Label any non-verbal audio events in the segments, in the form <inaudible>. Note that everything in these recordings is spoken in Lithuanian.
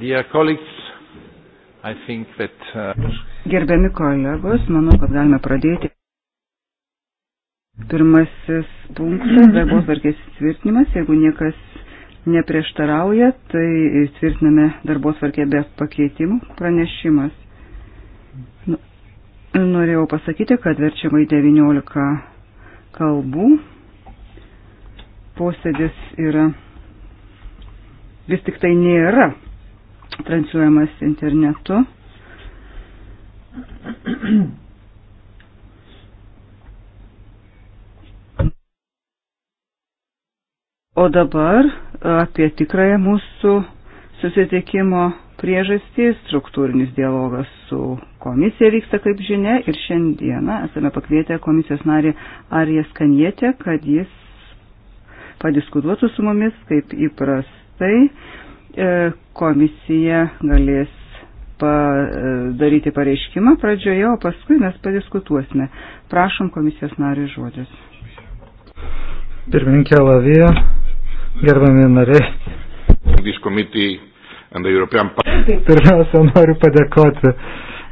Dear colleagues, I think that. Uh... Gerbiami kolegos, manau, kad galime pradėti. Pirmasis punktas - darbos varkės tvirtinimas. Jeigu niekas neprieštarauja, tai tvirtiname darbos varkę be pakeitimų. Pranešimas. Nu, norėjau pasakyti, kad verčiama į 19 kalbų. Posėdis yra vis tik tai nėra transliuojamas internetu. O dabar apie tikrąją mūsų susitikimo priežastį struktūrinis dialogas su komisija vyksta, kaip žinia, ir šiandieną esame pakvietę komisijos narį Arijas Kanietę, kad jis padiskutuotų su mumis, kaip įprastai, E, komisija galės padaryti e, pareiškimą pradžioje, o paskui mes padiskutuosime. Prašom komisijos narių žodis. Pirmininkė Lavija, gerbami nariai. Pirmiausia, noriu padėkoti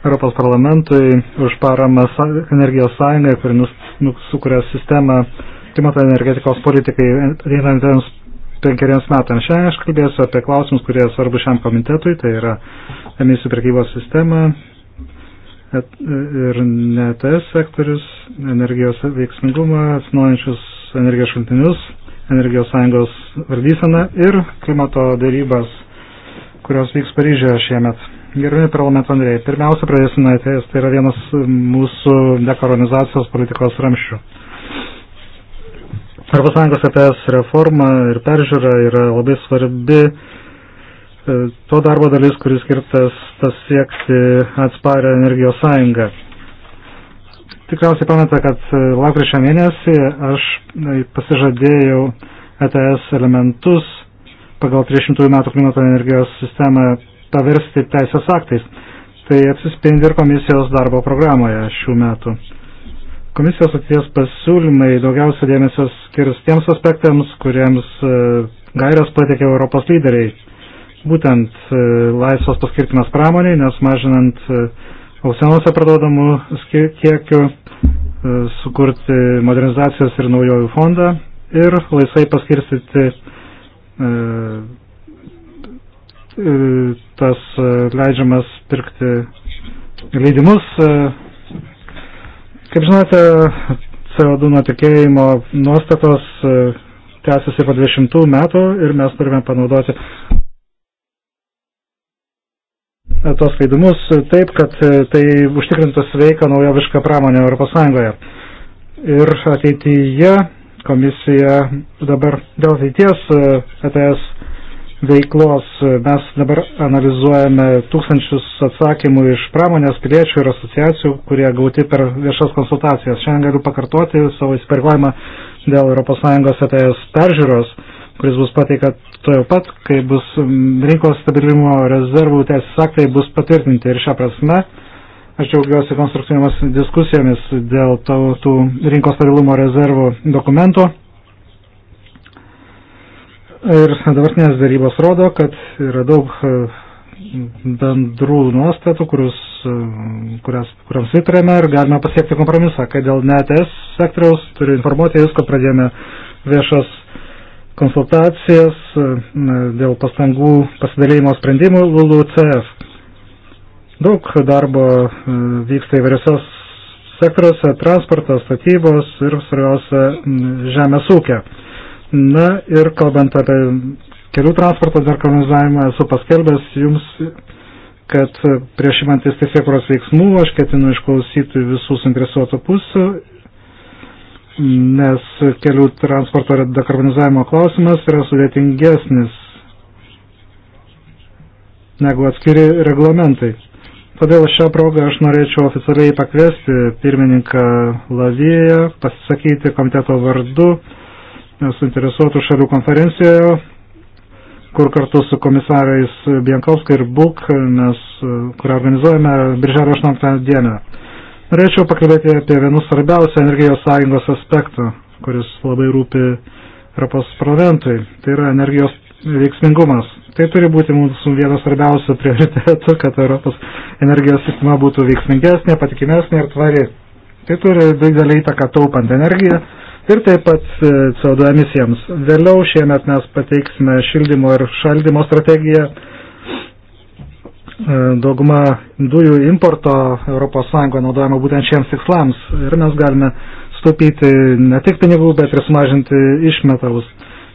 Europos parlamentui už paramą energijos sąjungai, kuri nu, sukuria sistemą klimato energetikos politikai ateinantiems penkeriems metams. Šiandien aš kalbėsiu apie klausimus, kurie svarbu šiam komitetui, tai yra emisijų prekybos sistema ir NTS sektorius, energijos veiksmingumą, atsinaujančius energijos šaltinius, energijos sąjungos valdysena ir klimato darybas, kurios vyks Paryžioje šiemet. Gerbimi parlamento nariai, pirmiausia, pradėsime NTS, tai yra vienas mūsų dekolonizacijos politikos ramščių ES APS e reforma ir peržiūra yra labai svarbi e, to darbo dalis, kuris skirtas pasiekti atsparę energijos sąjungą. Tikriausiai pameta, kad e, lakryčio mėnesį aš pasižadėjau ETS elementus pagal 300 metų klimato energijos sistemą paversti teisės aktais. Tai atsispindi ir komisijos darbo programoje šių metų. Komisijos ateities pasiūlymai daugiausia dėmesio skirs tiems aspektams, kuriems e, gairias patikė Europos lyderiai. Būtent e, laisvas paskirtimas pramoniai, nes mažinant e, ausenuose parduodamų kiekių, sukurti modernizacijos ir naujojų fondą ir laisvai paskirstyti tas leidžiamas pirkti leidimus Kaip žinote, CO2 nutekėjimo nuostatos e, tęsiasi po 20 metų ir mes turime panaudoti tos leidimus taip, kad e, tai užtikrintų sveiką naujovišką pramonę Europos Sąjungoje. Ir ateityje komisija dabar dėl ateities ETS e veiklos. Mes dabar analizuojame tūkstančius atsakymų iš pramonės piliečių ir asociacijų, kurie gauti per viešas konsultacijas. Šiandien galiu pakartoti savo įsipareigojimą dėl ES ETS peržiūros, kuris bus pateikta tojo pat, kai bus rinkos stabilumo rezervų teisės aktai bus patvirtinti. Ir šią prasme aš džiaugiuosi konstruktyviamis diskusijomis dėl tų, tų rinkos stabilumo rezervų dokumento Ir dabartinės darybos rodo, kad yra daug e, bendrų nuostatų, kurius, e, kurias, kuriams įtarėme ir galime pasiekti kompromisą, kad dėl netes sektoriaus turiu informuoti jūs, kad pradėjome viešas konsultacijas e, dėl pastangų pasidalėjimo sprendimų LULUCF. Daug darbo vyksta įvairiose sektoriuose - transportas, statybos ir svarbiausia žemės ūkio. Na ir kalbant apie kelių transporto dekarbonizavimą, esu paskelbęs jums, kad prieš imantis teisėkuros veiksmų aš ketinu išklausyti visų suinteresuotų pusių, nes kelių transporto dekarbonizavimo klausimas yra sudėtingesnis negu atskiri reglamentai. Todėl šią progą aš norėčiau oficialiai pakviesti pirmininką Laviją, pasisakyti komiteto vardu suinteresuotų šalių konferencijoje, kur kartu su komisarais Bienkovska ir Buk, mes, kurią organizuojame birželio 18 dieną. Norėčiau pakalbėti apie vienus svarbiausių energijos sąjungos aspektų, kuris labai rūpi Europos parlamentui. Tai yra energijos veiksmingumas. Tai turi būti mūsų vienas svarbiausių prioritetų, kad Europos energijos sistema būtų veiksmingesnė, patikimesnė ir tvari. Tai turi didelį įtaką taupant energiją ir taip pat e, CO2 emisijoms. Vėliau šiemet mes pateiksime šildymo ir šaldymo strategiją. E, Dauguma dujų importo ES naudojama būtent šiems tikslams ir mes galime sutaupyti ne tik pinigų, bet ir sumažinti išmetalus.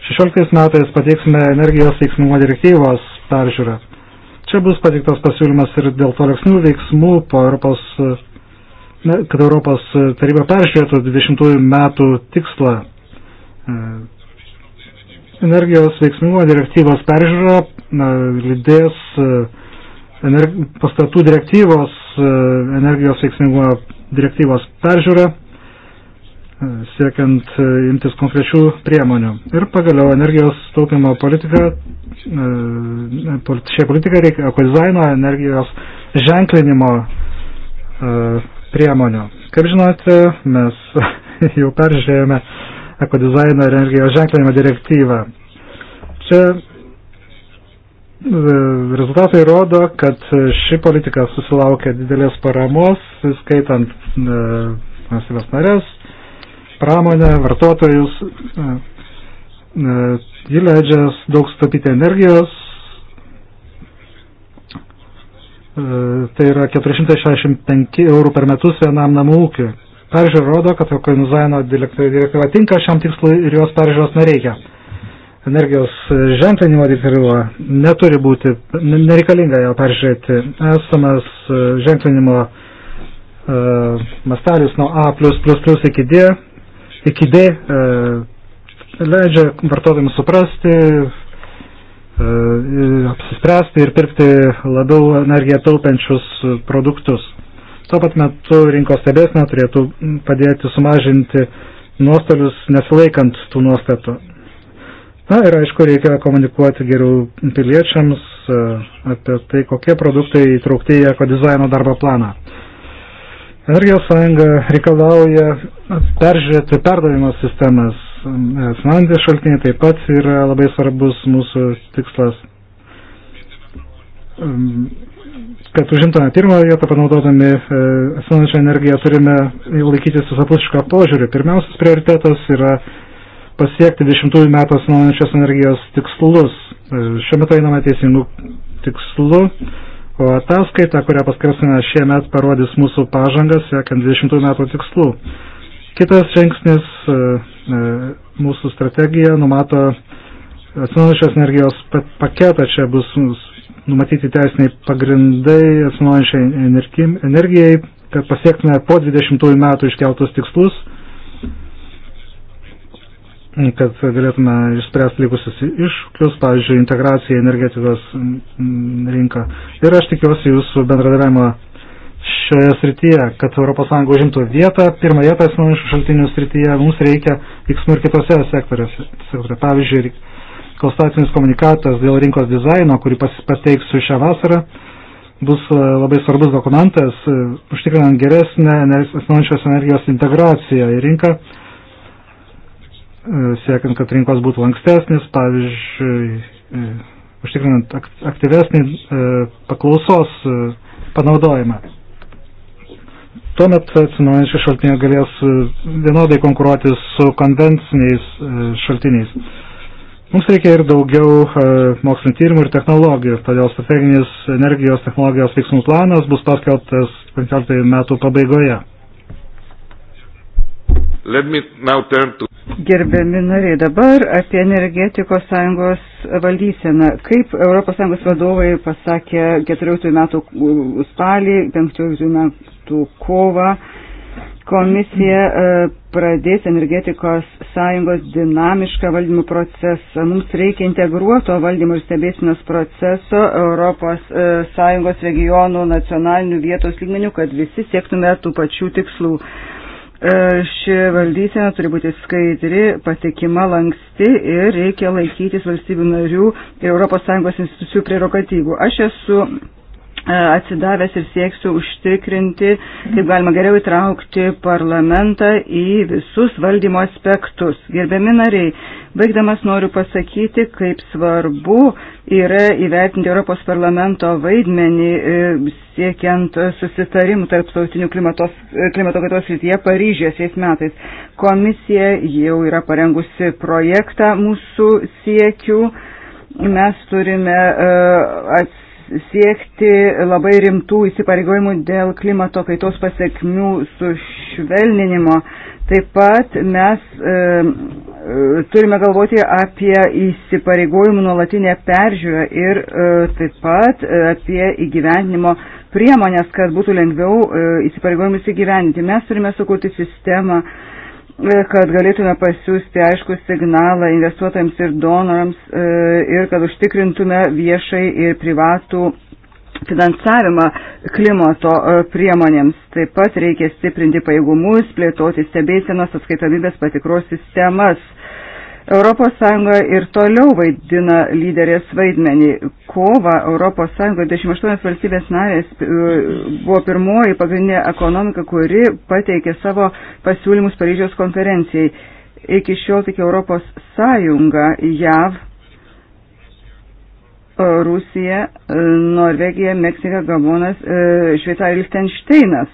16 metais pateiksime energijos veiksmumo direktyvos peržiūrą. Čia bus pateiktas pasiūlymas ir dėl tolesnių veiksmų po Europos kad Europos taryba peržiūrėtų 20 metų tikslą. E, energijos veiksmingumo direktyvos peržiūra lydės e, pastatų direktyvos, e, energijos veiksmingumo direktyvos peržiūra, siekiant imtis konkrečių priemonių. Ir pagaliau energijos taupimo politika, šią politiką reikia ekodizaino, energijos ženklinimo priemonių. Kaip žinote, mes <laughs> jau peržiūrėjome ekodizaino ir energijos ženklinimo direktyvą. Čia e, rezultatai rodo, kad ši politika susilaukia didelės paramos, skaitant e, valstybės narės, pramonę, vartotojus. E, ji leidžia daug stapyti energijos, E, tai yra 465 eurų per metus vienam namų ūkiui. Peržiūra rodo, kad ekonomizavimo direktyva tinka šiam tikslui ir jos peržiūros nereikia. Energijos ženklinimo direktyva neturi būti, nereikalinga ją peržiūrėti. Esamas e, ženklinimo uh, mastelis nuo A iki D, iki D uh, leidžia vartotojams suprasti, E, apsispręsti ir pirkti labiau energiją taupenčius produktus. Tuo pat metu rinkos stebėsina turėtų padėti sumažinti nuostolius nesilaikant tų nuostatų. Na ir aišku, reikia komunikuoti geriau piliečiams e, apie tai, kokie produktai įtraukti į ekodizaino darbo planą. Energijos sąjunga reikalauja peržiūrėti perdavimo sistemas, finansiniai šaltiniai taip pat yra labai svarbus mūsų tikslas, kad užimtume pirmą vietą panaudodami e, atsinaujančią energiją turime laikytis visapusišką požiūrį. Pirmiausias prioritetas yra pasiekti 20 metų atsinaujančios energijos tikslus. E, šiuo metu einame teisingų tikslų, o ataskaita, kurią paskirsime šiemet, parodys mūsų pažangas siekiant 20 metų tikslų. Kitas žingsnis e, E, mūsų strategija numato atsinaujančios energijos paketą, čia bus numatyti teisiniai pagrindai atsinaujančiai energijai, kad pasiektume po 20 metų iškeltus tikslus, kad galėtume išspręsti likusius iššūkius, pavyzdžiui, integraciją į energetikos rinką. Ir aš tikiuosi jūsų bendradarbiavimo šioje srityje, kad ES užimtų vietą, pirmą vietą atsinaujinčių šaltinių srityje, mums reikia veiksmų ir kitose sektoriuose. Pavyzdžiui, konstatacinis komunikatas dėl rinkos dizaino, kurį pateiksiu šią vasarą, bus e, labai svarbus dokumentas, e, užtikrinant geresnę atsinaujinčios energijos integraciją į rinką, e, siekiant, kad rinkos būtų lankstesnis, pavyzdžiui, užtikrinant aktyvesnį paklausos panaudojimą. Tuomet atsinaujančių šaltinių galės e, vienodai konkuruoti su konvenciniais e, šaltiniais. Mums reikia ir daugiau e, mokslinio tyrimų ir technologijų, todėl strateginis energijos technologijos veiksmų planas bus paskelbtas 15 metų pabaigoje. To... Gerbiami nariai, dabar apie energetikos sąjungos valdyseną. Kaip ES vadovai pasakė 14 metų spalį, 15 metų metų kovą komisija e, pradės energetikos sąjungos dinamišką valdymo procesą. Mums reikia integruoto valdymo ir stebėsinos proceso Europos e, sąjungos regionų nacionalinių vietos lygmenių, kad visi siektume tų pačių tikslų. E, ši valdysena turi būti skaidri, patikima, lanksti ir reikia laikytis valstybių narių ir ES institucijų prerogatyvų. Aš esu E, atsidavęs ir sieksiu užtikrinti, kaip galima geriau įtraukti parlamentą į visus valdymo aspektus. Gerbiami nariai, baigdamas noriu pasakyti, kaip svarbu yra įvertinti Europos parlamento vaidmenį e, siekiant susitarimų tarptautinių klimato e, kaitos rytyje Paryžėje šiais metais. Komisija jau yra parengusi projektą mūsų siekių. Mes turime uh, atsitikti siekti labai rimtų įsipareigojimų dėl klimato kaitos pasiekmių sušvelninimo. Taip pat mes e, e, turime galvoti apie įsipareigojimų nuolatinę peržiūrą ir e, taip pat e, apie įgyvendinimo priemonės, kad būtų lengviau e, įsipareigojimus įgyvendinti. Mes turime sukurti sistemą e, kad galėtume pasiūsti aišku signalą investuotojams ir donorams e, ir kad užtikrintume viešai ir privatų finansavimą klimato e, priemonėms. Taip pat reikia stiprinti pajėgumus, plėtoti stebėsienos atskaitomybės patikros sistemas ES ir toliau vaidina lyderės vaidmenį. Kova ES 28 valstybės narės e, buvo pirmoji pagrindinė ekonomika, kuri pateikė savo pasiūlymus Paryžiaus konferencijai. Iki šiol tik ES, JAV, e, Rusija, e, Norvegija, Meksika, Gabonas, Šveicarija, Lichtensteinas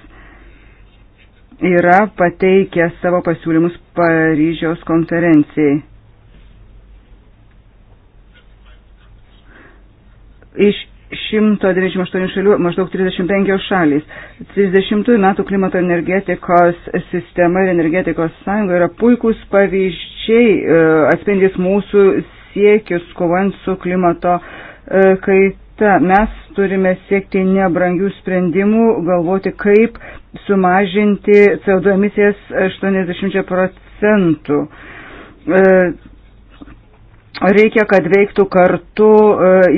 yra pateikę savo pasiūlymus Paryžiaus konferencijai. Iš 198 šalių maždaug 35 šalys. 30 metų klimato energetikos sistema ir energetikos sąjunga yra puikūs pavyzdžiai e, atspindys mūsų siekius kovant su klimato e, kaita. Mes turime siekti nebrangių sprendimų, galvoti, kaip sumažinti CO2 emisijas 80 procentų e, reikia, kad veiktų kartu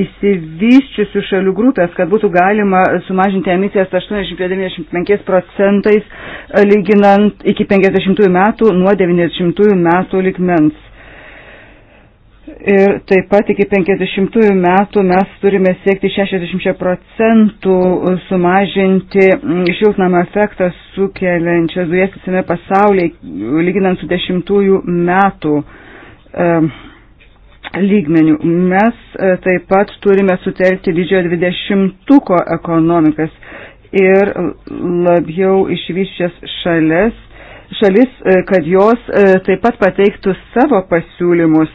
įsivyščiusių e, šalių grupės, kad būtų galima sumažinti emisijas 80-95 procentais, lyginant iki 50 metų nuo 90 metų likmens. Ir taip pat iki 50 metų mes turime siekti 60 procentų sumažinti šiltnamą efektą sukeliančias dujas visame pasaulyje, lyginant su 10 metų. Um, lygmenių. Mes e, taip pat turime sutelkti didžiojo dvidešimtuko ekonomikas ir labiau išvyščias šalis, šalis, e, kad jos e, taip pat pateiktų savo pasiūlymus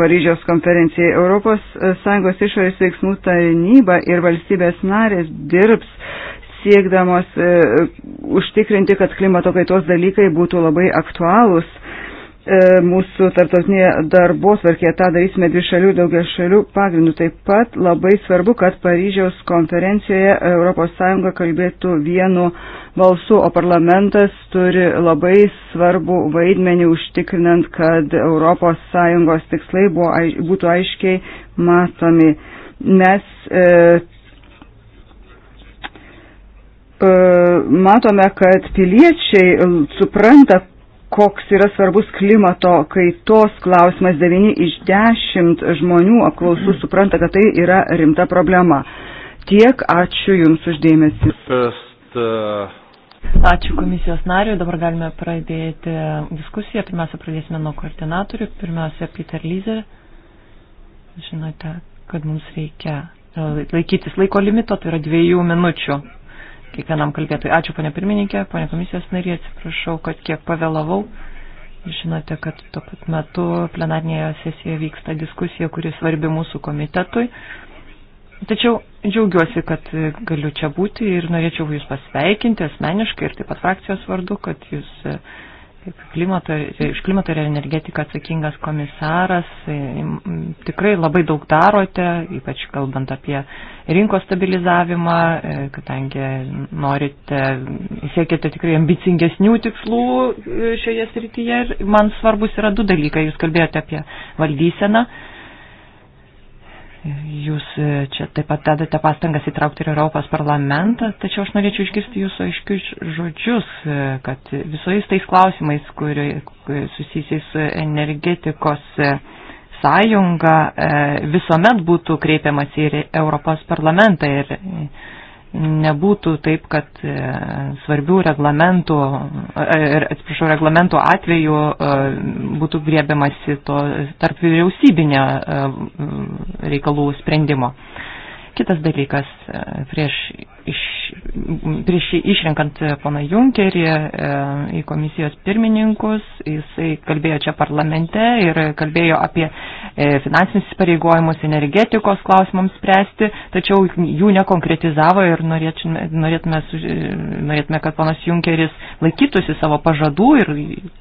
Paryžiaus konferencijai. ES išorės veiksmų tarnyba ir valstybės narės dirbs siekdamos e, užtikrinti, kad klimato kaitos dalykai būtų labai aktualūs E, mūsų tarptautinėje darbos varkėje tą darysime dvi šalių, daugia šalių pagrindų. Taip pat labai svarbu, kad Paryžiaus konferencijoje ES kalbėtų vienu balsu, o parlamentas turi labai svarbu vaidmenį užtikrinant, kad ES tikslai buvo, būtų aiškiai matomi. Mes e, e matome, kad piliečiai supranta, koks yra svarbus klimato kaitos klausimas. 9 iš 10 žmonių apklausų supranta, kad tai yra rimta problema. Tiek ačiū Jums uždėmesi. Uh, ačiū komisijos nariui. Dabar galime pradėti diskusiją. Pirmiausia, pradėsime nuo koordinatorių. Pirmiausia, Peter Lyzer. Žinote, kad mums reikia uh, laikytis laiko limito, tai yra dviejų minučių kiekvienam kalbėtui. Ačiū, ponė pirmininkė, ponė komisijos narė, atsiprašau, kad kiek pavėlavau. Žinote, kad tuo pat metu plenarnėje sesijoje vyksta diskusija, kuri svarbi mūsų komitetui. Tačiau džiaugiuosi, kad galiu čia būti ir norėčiau Jūs pasveikinti asmeniškai ir taip pat frakcijos vardu, kad Jūs uh, klimato, iš klimato ir energetiką atsakingas komisaras. E, tikrai labai daug darote, ypač kalbant apie rinkos stabilizavimą, e, kadangi norite, siekite tikrai ambicingesnių tikslų e, šioje srityje. Ir man svarbus yra du dalykai. Jūs kalbėjote apie valdyseną Jūs e, čia taip pat dedate pastangas įtraukti ir Europos parlamentą, tačiau aš norėčiau išgirsti jūsų aiškius žodžius, e, kad visais tais klausimais, kurie susijusiais su energetikos e, sąjunga, visuomet būtų kreipiamas į Europos parlamentą ir nebūtų taip, kad e, svarbių reglamentų, atsiprašau, reglamentų atveju e, būtų grėbiamasi to tarp vyriausybinio e, reikalų sprendimo. Kitas dalykas, e, prieš, iš, prieš išrenkant poną Junkerį e, į komisijos pirmininkus, jisai kalbėjo čia parlamente ir kalbėjo apie e, finansinius įsipareigojimus energetikos klausimams spręsti, tačiau jų nekonkretizavo ir norėtume, norėtume, norėtume kad ponas Junkeris laikytųsi savo pažadų ir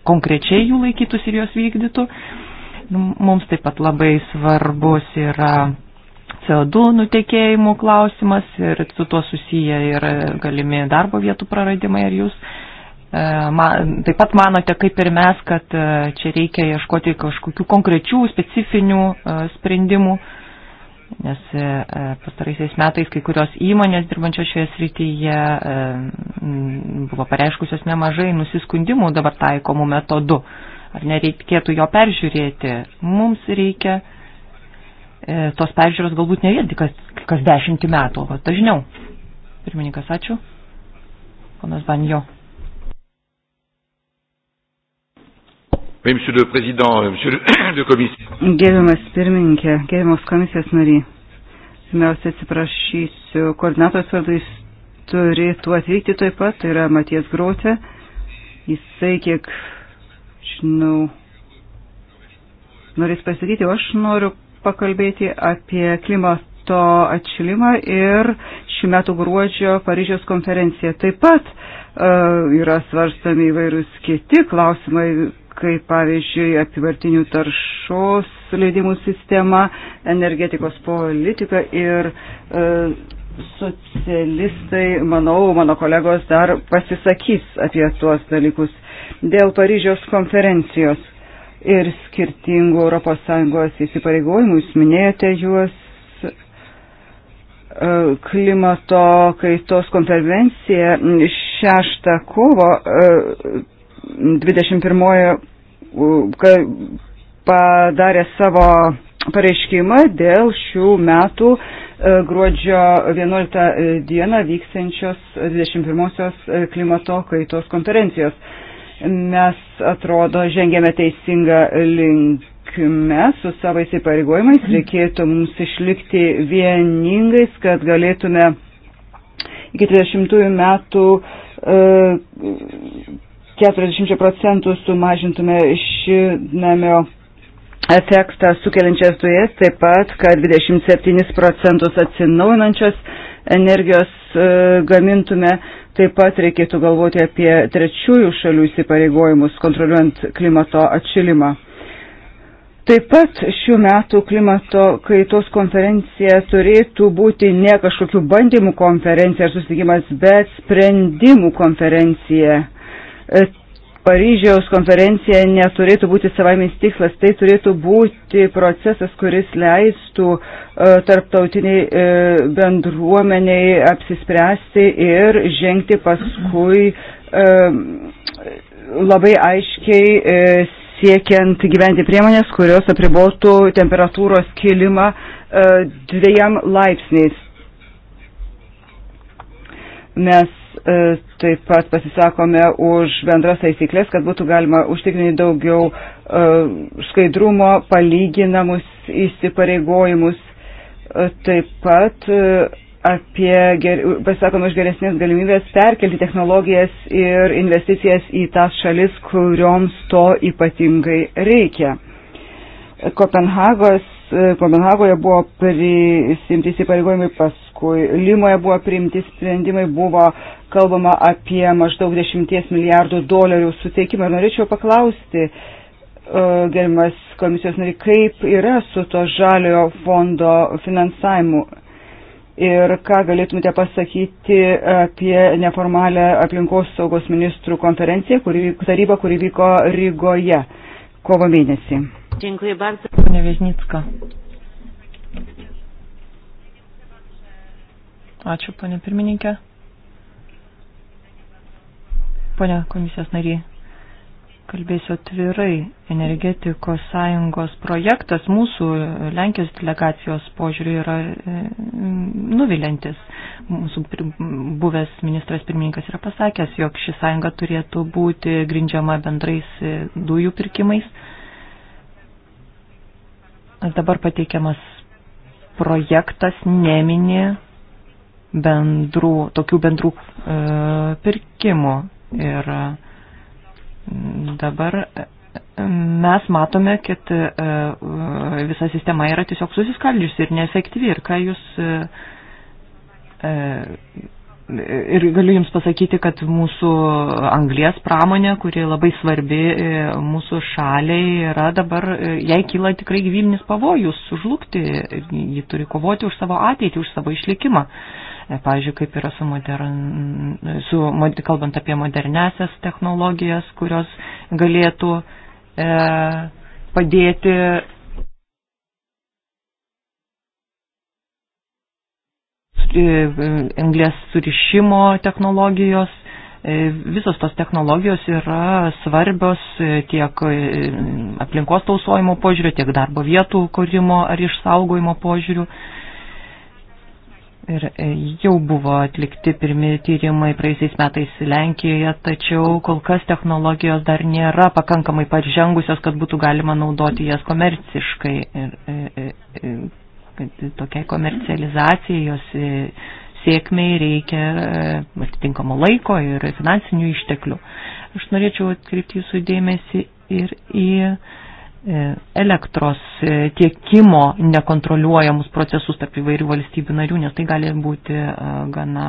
konkrečiai jų laikytųsi ir juos vykdytų. Nu, mums taip pat labai svarbus yra CO2 nutekėjimų klausimas ir su tuo susiję ir galimi darbo vietų praradimai. Ar jūs e, man, taip pat manote, kaip ir mes, kad e, čia reikia ieškoti kažkokių konkrečių, specifinių e, sprendimų, nes pastaraisiais metais kai kurios įmonės dirbančios šioje srityje buvo pareiškusios nemažai nusiskundimų dabar taikomų metodų. Ar nereikėtų jo peržiūrėti? Mums reikia E, tos peržiūros galbūt ne vien tik kas, kas dešimtį metų, o dažniau. Pirmininkas, ačiū. Ponas Banjo. Oui, monsieur le Président, monsieur le, <coughs> le Commissaire. Gerbiamas pirmininkė, gerbiamas komisijos nariai, pirmiausia atsiprašysiu, koordinatorius vardu jis turėtų atvykti taip pat, tai yra Matijas Grotė. Jisai, kiek žinau, norės pasakyti, o aš noriu pakalbėti apie klimato atšilimą ir šių metų gruodžio Paryžiaus konferencija. Taip pat uh, yra svarstami įvairūs kiti klausimai, kaip pavyzdžiui apivartinių taršos leidimų sistema, energetikos politika ir uh, socialistai, manau, mano kolegos dar pasisakys apie tuos dalykus dėl Paryžiaus konferencijos ir skirtingų ES įsipareigojimų, jūs minėjote juos e, klimato kaitos konferencija 6 kovo 21 e, padarė savo pareiškimą dėl šių metų e, gruodžio 11 dieną vyksiančios 21 klimato kaitos konferencijos. Mes atrodo žengėme teisingą linkme su savo įsipareigojimais. Reikėtų mums išlikti vieningais, kad galėtume iki 30 metų e, 40 procentų sumažintume šiltnamio efektą sukeliančias dujas, taip pat, kad 27 procentus atsinaujinančios energijos e, gamintume Taip pat reikėtų galvoti apie trečiųjų šalių įsipareigojimus kontroliuojant klimato atšilimą. Taip pat šių metų klimato kaitos konferencija turėtų būti ne kažkokių bandymų konferencija ar susitikimas, bet sprendimų konferencija. E, Paryžiaus konferencija neturėtų būti savaimis tikslas, tai turėtų būti procesas, kuris leistų e, tarptautiniai e, bendruomeniai apsispręsti ir žengti paskui e, labai aiškiai siekiant gyventi priemonės, kurios apribotų temperatūros kilimą dviejam laipsniais. Mes E, taip pat pasisakome už bendras taisyklės, kad būtų galima užtikrinti daugiau e, skaidrumo, palyginamus įsipareigojimus. E, taip pat apie ger, pasakom už geresnės galimybės perkelti technologijas ir investicijas į tas šalis, kurioms to ypatingai reikia. Kopenhagos, Kopenhagoje buvo prisimti įsipareigojimai, paskui Limoje buvo priimti sprendimai, buvo kalbama apie maždaug 10 milijardų dolerių suteikimą. Ir norėčiau paklausti, e, gerimas komisijos nari, kaip yra su to žaliojo fondo finansavimu ir ką galėtumėte pasakyti apie neformalę aplinkos saugos ministrų konferenciją, kuri, taryba, kuri vyko Rygoje kovo mėnesį. Dziękuję bardzo. Panie Wieźnicka. Ačiū, ponė pirmininkė. Pone komisijos nariai, kalbėsiu atvirai. Energetikos sąjungos projektas mūsų e, Lenkijos delegacijos požiūriu yra e, nuvilintis. Mūsų buvęs ministras pirmininkas yra pasakęs, jog ši sąjunga turėtų būti grindžiama bendrais e, dujų pirkimais. Dabar pateikiamas projektas nemini bendrų, tokių bendrų e, pirkimų Ir mm, dabar mm, mes matome, kad e, e, visa sistema yra tiesiog susiskaldžiusi ir neefektyvi. Ir ką jūs. E, ir galiu Jums pasakyti, kad mūsų anglės pramonė, kuri labai svarbi mūsų šaliai, yra dabar, jai kyla tikrai gyvybinis pavojus sužlugti, ji turi kovoti už savo ateitį, už savo išlikimą. E, pavyzdžiui, kaip yra su, modern, su kalbant apie modernesias technologijas, kurios galėtų e, padėti. E, anglės surišimo technologijos, e, visos tos technologijos yra svarbios tiek aplinkos tausojimo požiūriu, tiek darbo vietų kūrimo ar išsaugojimo požiūriu. Ir e, jau buvo atlikti pirmie tyrimai praeisiais metais Lenkijoje, tačiau kol kas technologijos dar nėra pakankamai pažengusios, kad būtų galima naudoti jas komerciškai. Ir, e, e, kad tokiai komercializacijai jos sėkmiai reikia atitinkamo laiko ir finansinių išteklių. Aš norėčiau atkreipti jūsų dėmesį ir į E, elektros e, tiekimo nekontroliuojamus procesus tarp įvairių valstybių narių, nes tai gali būti e, gana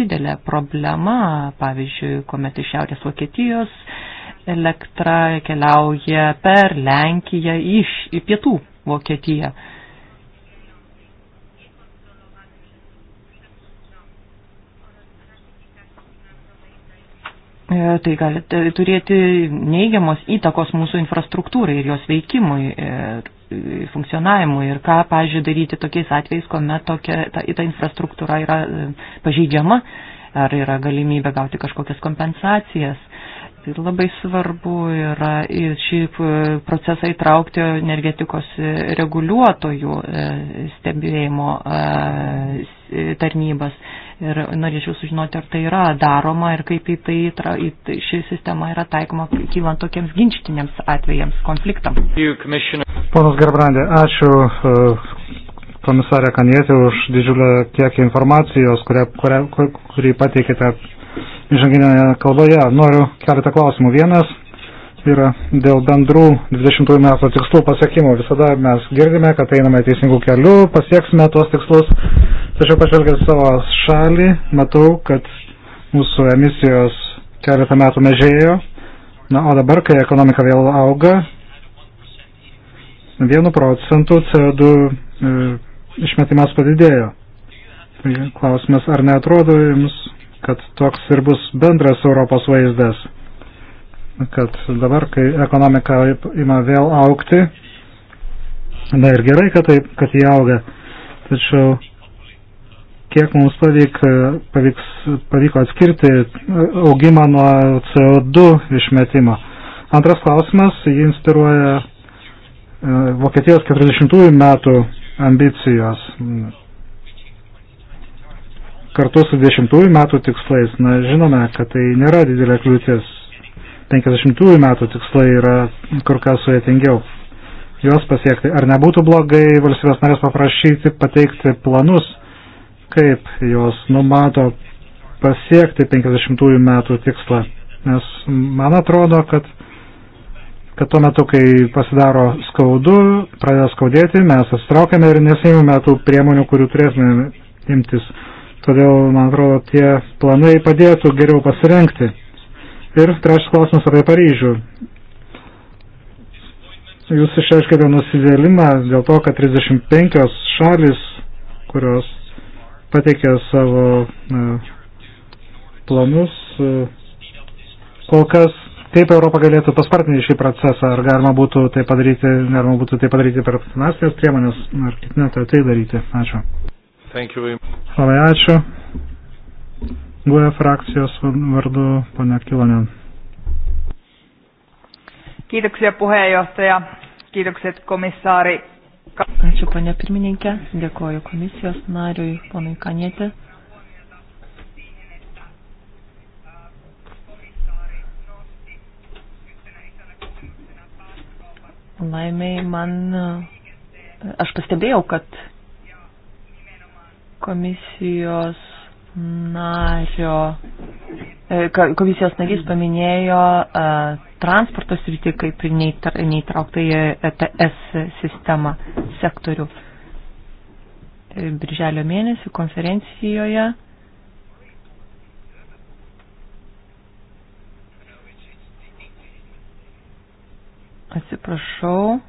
didelė problema, pavyzdžiui, kuomet iš Šiaurės Vokietijos elektra keliauja per Lenkiją iš į pietų Vokietiją. E, tai gali turėti neigiamos įtakos mūsų infrastruktūrai ir jos veikimui. Ir e, e, funkcionavimui ir ką, pažiūrėjau, daryti tokiais atvejais, kuomet tokia, ta, ta infrastruktūra yra pažeidžiama, ar yra galimybė gauti kažkokias kompensacijas. Tai labai svarbu yra į šį procesą įtraukti energetikos reguliuotojų stebėjimo tarnybas. Ir norėčiau sužinoti, ar tai yra daroma ir kaip į tai, į tai ši sistema yra taikoma, kylant tokiems ginčytiniams atvejams, konfliktams. Ponas Gerbrandė, ačiū e, komisarė Kanietė už didžiulę kiekį informacijos, kurią, kurią, kurį pateikėte įžanginėje kalboje. Noriu keletą klausimų. Vienas yra dėl bendrų 20 metų tikslų pasiekimų. Visada mes girdime, kad einame teisingų kelių, pasieksime tuos tikslus, tačiau pažvelgęs savo šalį, matau, kad mūsų emisijos keletą metų mažėjo, na, o dabar, kai ekonomika vėl auga, 1 procentų CO2 e, išmetimas padidėjo. Klausimas, ar netrodo jums, kad toks ir bus bendras Europos vaizdas? kad dabar, kai ekonomika ima vėl aukti, na ir gerai, kad, tai, kad jie auga, tačiau kiek mums pavyk, pavyks, pavyko atskirti augimą nuo CO2 išmetimo. Antras klausimas, jį inspiruoja e, Vokietijos 40-ųjų metų ambicijos kartu su 10-ųjų metų tikslais. Na, žinome, kad tai nėra didelė kliūtis 50 metų tikslai yra kur kas sudėtingiau juos pasiekti. Ar nebūtų blogai valstybės narės paprašyti pateikti planus, kaip jos numato pasiekti 50 metų tikslą? Nes man atrodo, kad, kad tuo metu, kai pasidaro skaudu, pradeda skaudėti, mes atsitraukiame ir nesėmime tų priemonių, kurių turėsime imtis. Todėl, man atrodo, tie planai padėtų geriau pasirenkti Ir trečias klausimas apie Paryžių. Jūs išreiškėte nusivylimą dėl to, kad 35 šalis, kurios pateikė savo e, planus, e, kol kas kaip Europa galėtų paspartinti šį procesą, ar galima būtų tai padaryti, galima būtų tai padaryti per finansinės priemonės, ar ketinate tai daryti. Ačiū. Labai ačiū. Guoja e frakcijos vardu pane Kilonen. Kiitoksia puheenjohtaja. Kiitokset komissaari. Ačiū pane pirmininkė. Dėkoju komisijos nariui ponui Kanietė. Laimiai man, aš pastebėjau, kad komisijos nario, e, komisijos narys mm. paminėjo e, transporto sritį kaip neįtrauktą į ETS sistemą sektorių. E, birželio mėnesį konferencijoje Atsiprašau,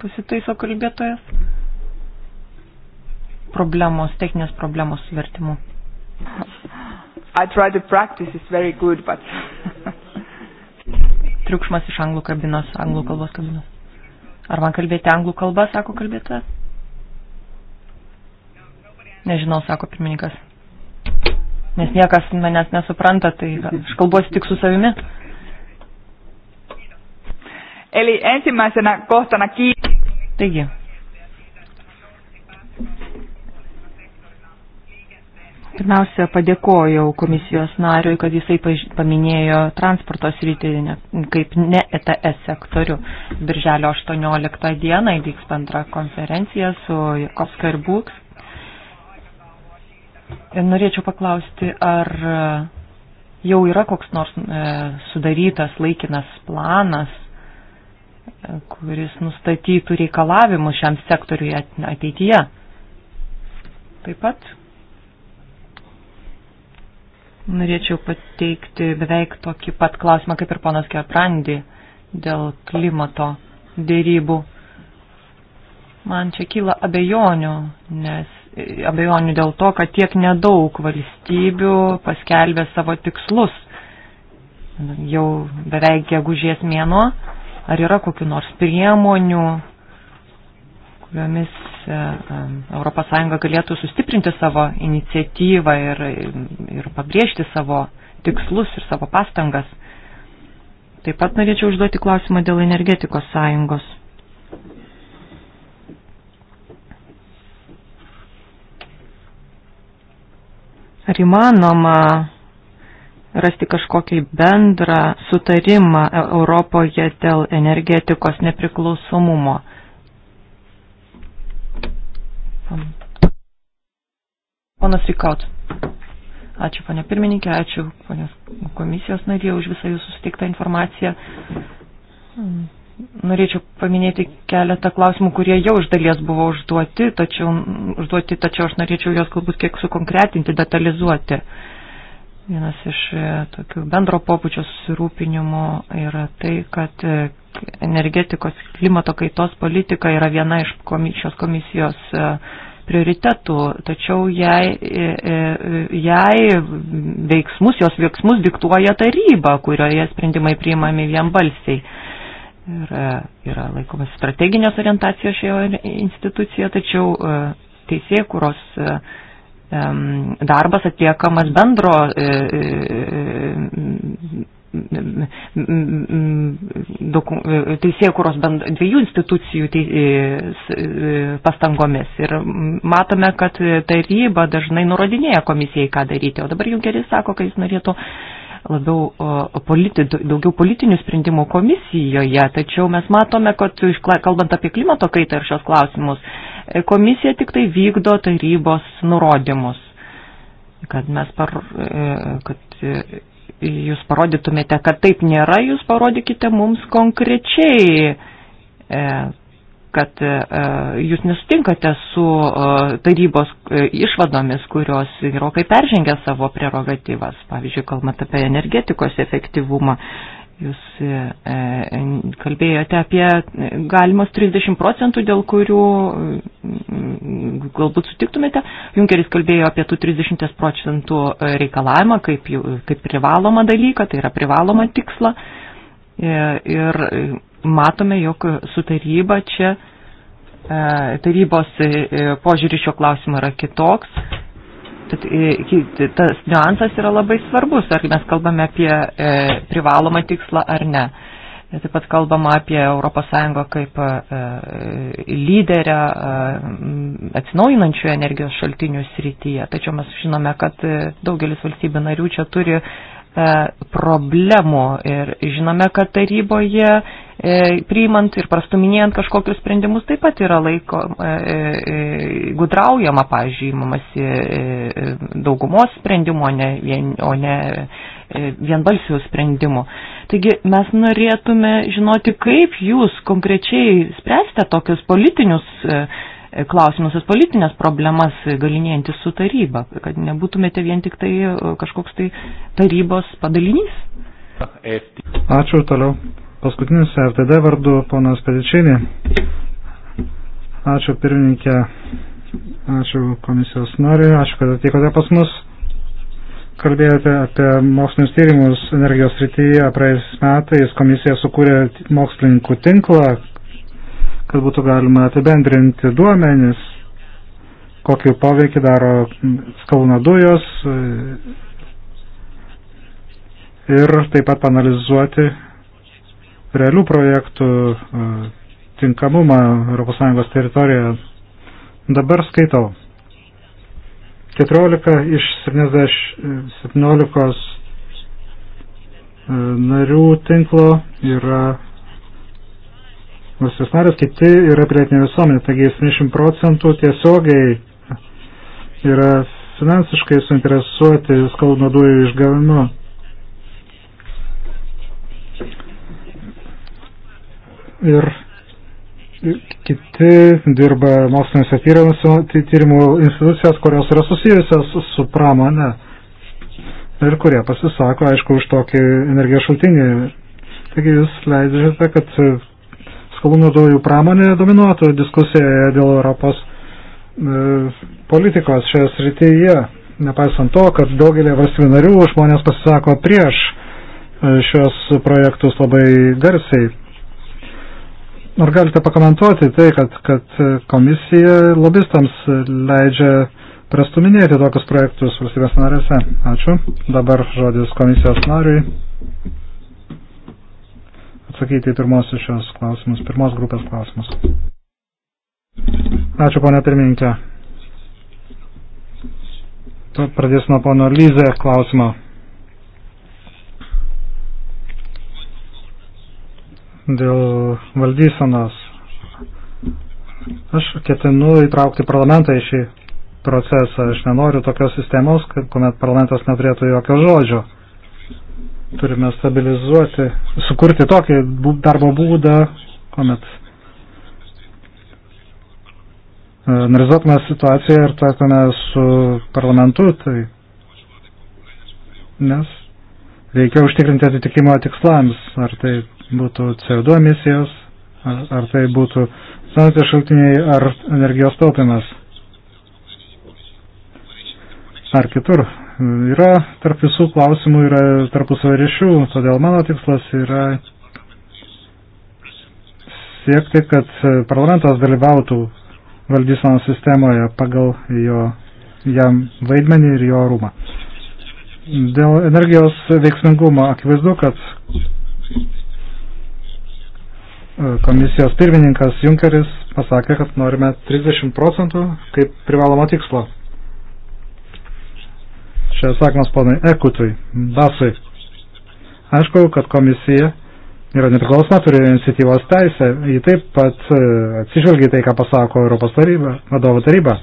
pasitaiso kalbėtojas problemos, techninės problemos su vertimu. I try to practice, it's very good, but. <laughs> Triukšmas iš anglų kabinos, anglų kalbos kabinos. Ar man kalbėti anglų kalbą, sako kalbėtojas? Nežinau, sako pirmininkas. Nes niekas manęs nesupranta, tai aš kalbuosi tik su savimi. Eli ensimmäisenä kohtana kiitos. Taigi, Pirmiausia, padėkojau komisijos nariui, kad jisai paminėjo transporto sritį kaip ne ETS sektorių. Birželio 18 dieną įvyks bendra konferencija su Jakovska ir Būks. Norėčiau paklausti, ar jau yra koks nors e, sudarytas laikinas planas e, kuris nustatytų reikalavimus šiam sektoriui ateityje. Taip pat Norėčiau pateikti beveik tokį pat klausimą kaip ir ponas Kerprandi dėl klimato dėrybų. Man čia kyla abejonių, nes abejonių dėl to, kad tiek nedaug valstybių paskelbė savo tikslus. Jau beveik gegužės mėnuo. Ar yra kokiu nors priemonių, kuriomis ES e, galėtų sustiprinti savo iniciatyvą ir, ir pabrėžti savo tikslus ir savo pastangas. Taip pat norėčiau užduoti klausimą dėl energetikos sąjungos. Ar įmanoma rasti kažkokį bendrą sutarimą Europoje dėl energetikos nepriklausomumo? Ponas Rikaut. Ačiū, ponia pirmininkė, ačiū, ponios komisijos narė, už visą jūsų sutiktą informaciją. Norėčiau paminėti keletą klausimų, kurie jau iš dalies buvo užduoti, tačiau, užduoti, tačiau aš norėčiau juos galbūt kiek sukonkretinti, detalizuoti. Vienas iš e, tokių bendro popučio susirūpinimų yra tai, kad e, energetikos klimato kaitos politika yra viena iš šios komisijos e, prioritetų, tačiau jai, e, e, jai veiksmus, jos veiksmus diktuoja taryba, kurioje sprendimai priimami vienbalsiai. Ir yra laikomas strateginės orientacijos šioje institucijoje, tačiau teisėjai, kurios darbas atliekamas bendro teisėjų kuros bend, dviejų institucijų teis, e, e, pastangomis. Ir matome, kad taryba dažnai nurodinėja komisijai, ką daryti. O dabar Junkeris sako, kad jis norėtų labiau politi, daugiau politinių sprendimų komisijoje, tačiau mes matome, kad kalbant apie klimato kaitą ir šios klausimus, komisija tik tai vykdo tarybos nurodymus, kad mes par, e, kad jūs parodytumėte, kad taip nėra, jūs parodykite mums konkrečiai, e, kad e, jūs nesutinkate su e, tarybos išvadomis, kurios gerokai peržengia savo prerogatyvas, pavyzdžiui, kalbant apie energetikos efektyvumą. Jūs e, e, kalbėjote apie galimas 30 procentų, dėl kurių galbūt sutiktumėte. Junkeris kalbėjo apie tų 30 procentų e, reikalavimą kaip, kaip privalomą dalyką, tai yra privalomą tikslą. Ir matome, jog su taryba čia tarybos požiūrį šio klausimo yra kitoks E, tas niuansas yra labai svarbus, ar mes kalbame apie e, privalomą tikslą ar ne. E, taip pat kalbama apie ES kaip lyderę atsinaujinančių energijos šaltinių srityje. Tačiau mes žinome, kad daugelis valstybių narių čia turi E, problemų ir žinome, kad taryboje e, priimant ir prastuminėjant kažkokius sprendimus taip pat yra laiko e, gudraujama, pavyzdžiui, imamasi daugumos sprendimo, o ne, vien, o ne vienbalsių sprendimų. Taigi mes norėtume žinoti, kaip jūs konkrečiai spręsite tokius politinius E, klausimus, tas politinės problemas galinėjantis su taryba, kad nebūtumėte vien tik tai e, kažkoks tai tarybos padalinys. Ačiū toliau. Paskutinis FTD vardu ponas Pedičinį. Ačiū pirmininkė, ačiū komisijos nariui, ačiū, kad atvykote pas mus. Kalbėjote apie mokslinius tyrimus energijos srityje. Praėjus metais komisija sukūrė mokslininkų tinklą, kad būtų galima apibendrinti duomenis, kokį poveikį daro skalūno dujos ir taip pat panalizuoti realių projektų e, tinkamumą ES teritorijoje. Dabar skaitau. 14 iš 17 e, e, narių tinklo yra valstybės narės, kiti yra pilietinė visuomenė. Taigi 70 procentų tiesiogiai yra finansiškai suinteresuoti skalūno dujų išgavimu. Ir kiti dirba moksliniuose tyrimų institucijos, kurios yra susijusios su pramone ir kurie pasisako, aišku, už tokį energijos šaltinį. Taigi jūs leidžiate, kad skalūnų dujų pramonė dominuotų diskusijoje dėl Europos e, politikos šioje srityje, nepaisant to, kad daugelį valstybių narių žmonės pasisako prieš e, šios projektus labai garsiai. Ar galite pakomentuoti tai, kad, kad komisija lobistams leidžia prastuminėti tokius projektus valstybės narėse? Ačiū. Dabar žodis komisijos nariui atsakyti į pirmosius šios klausimus, pirmos grupės klausimus. Ačiū, ponė pirmininkė. Pradės nuo pono Lyze klausimo. Dėl valdysenos. Aš ketinu įtraukti parlamentą į šį procesą. Aš nenoriu tokios sistemos, kuomet parlamentas neturėtų jokio žodžio. Turime stabilizuoti, sukurti tokį darbo būdą, kuomet e, analizuotume situaciją ir tartume su parlamentu, tai nes reikia užtikrinti atitikimo tikslams, ar tai būtų CO2 emisijos, ar, ar tai būtų sanatės šaltiniai, ar energijos taupimas, ar kitur. Yra tarp visų klausimų, yra tarpusavio ryšių, todėl mano tikslas yra siekti, kad parlamentas dalyvautų valdysenos sistemoje pagal jo, jam vaidmenį ir jo rūmą. Dėl energijos veiksmingumo akivaizdu, kad e, komisijos pirmininkas Junkeris pasakė, kad norime 30 procentų kaip privaloma tikslo. Čia atsakymas ponui Ekutui, Basui. Aišku, kad komisija yra nepriklausoma, turi iniciatyvos teisę. Ji taip pat e, atsižvelgia tai, ką pasako Europos taryba, vadovo taryba.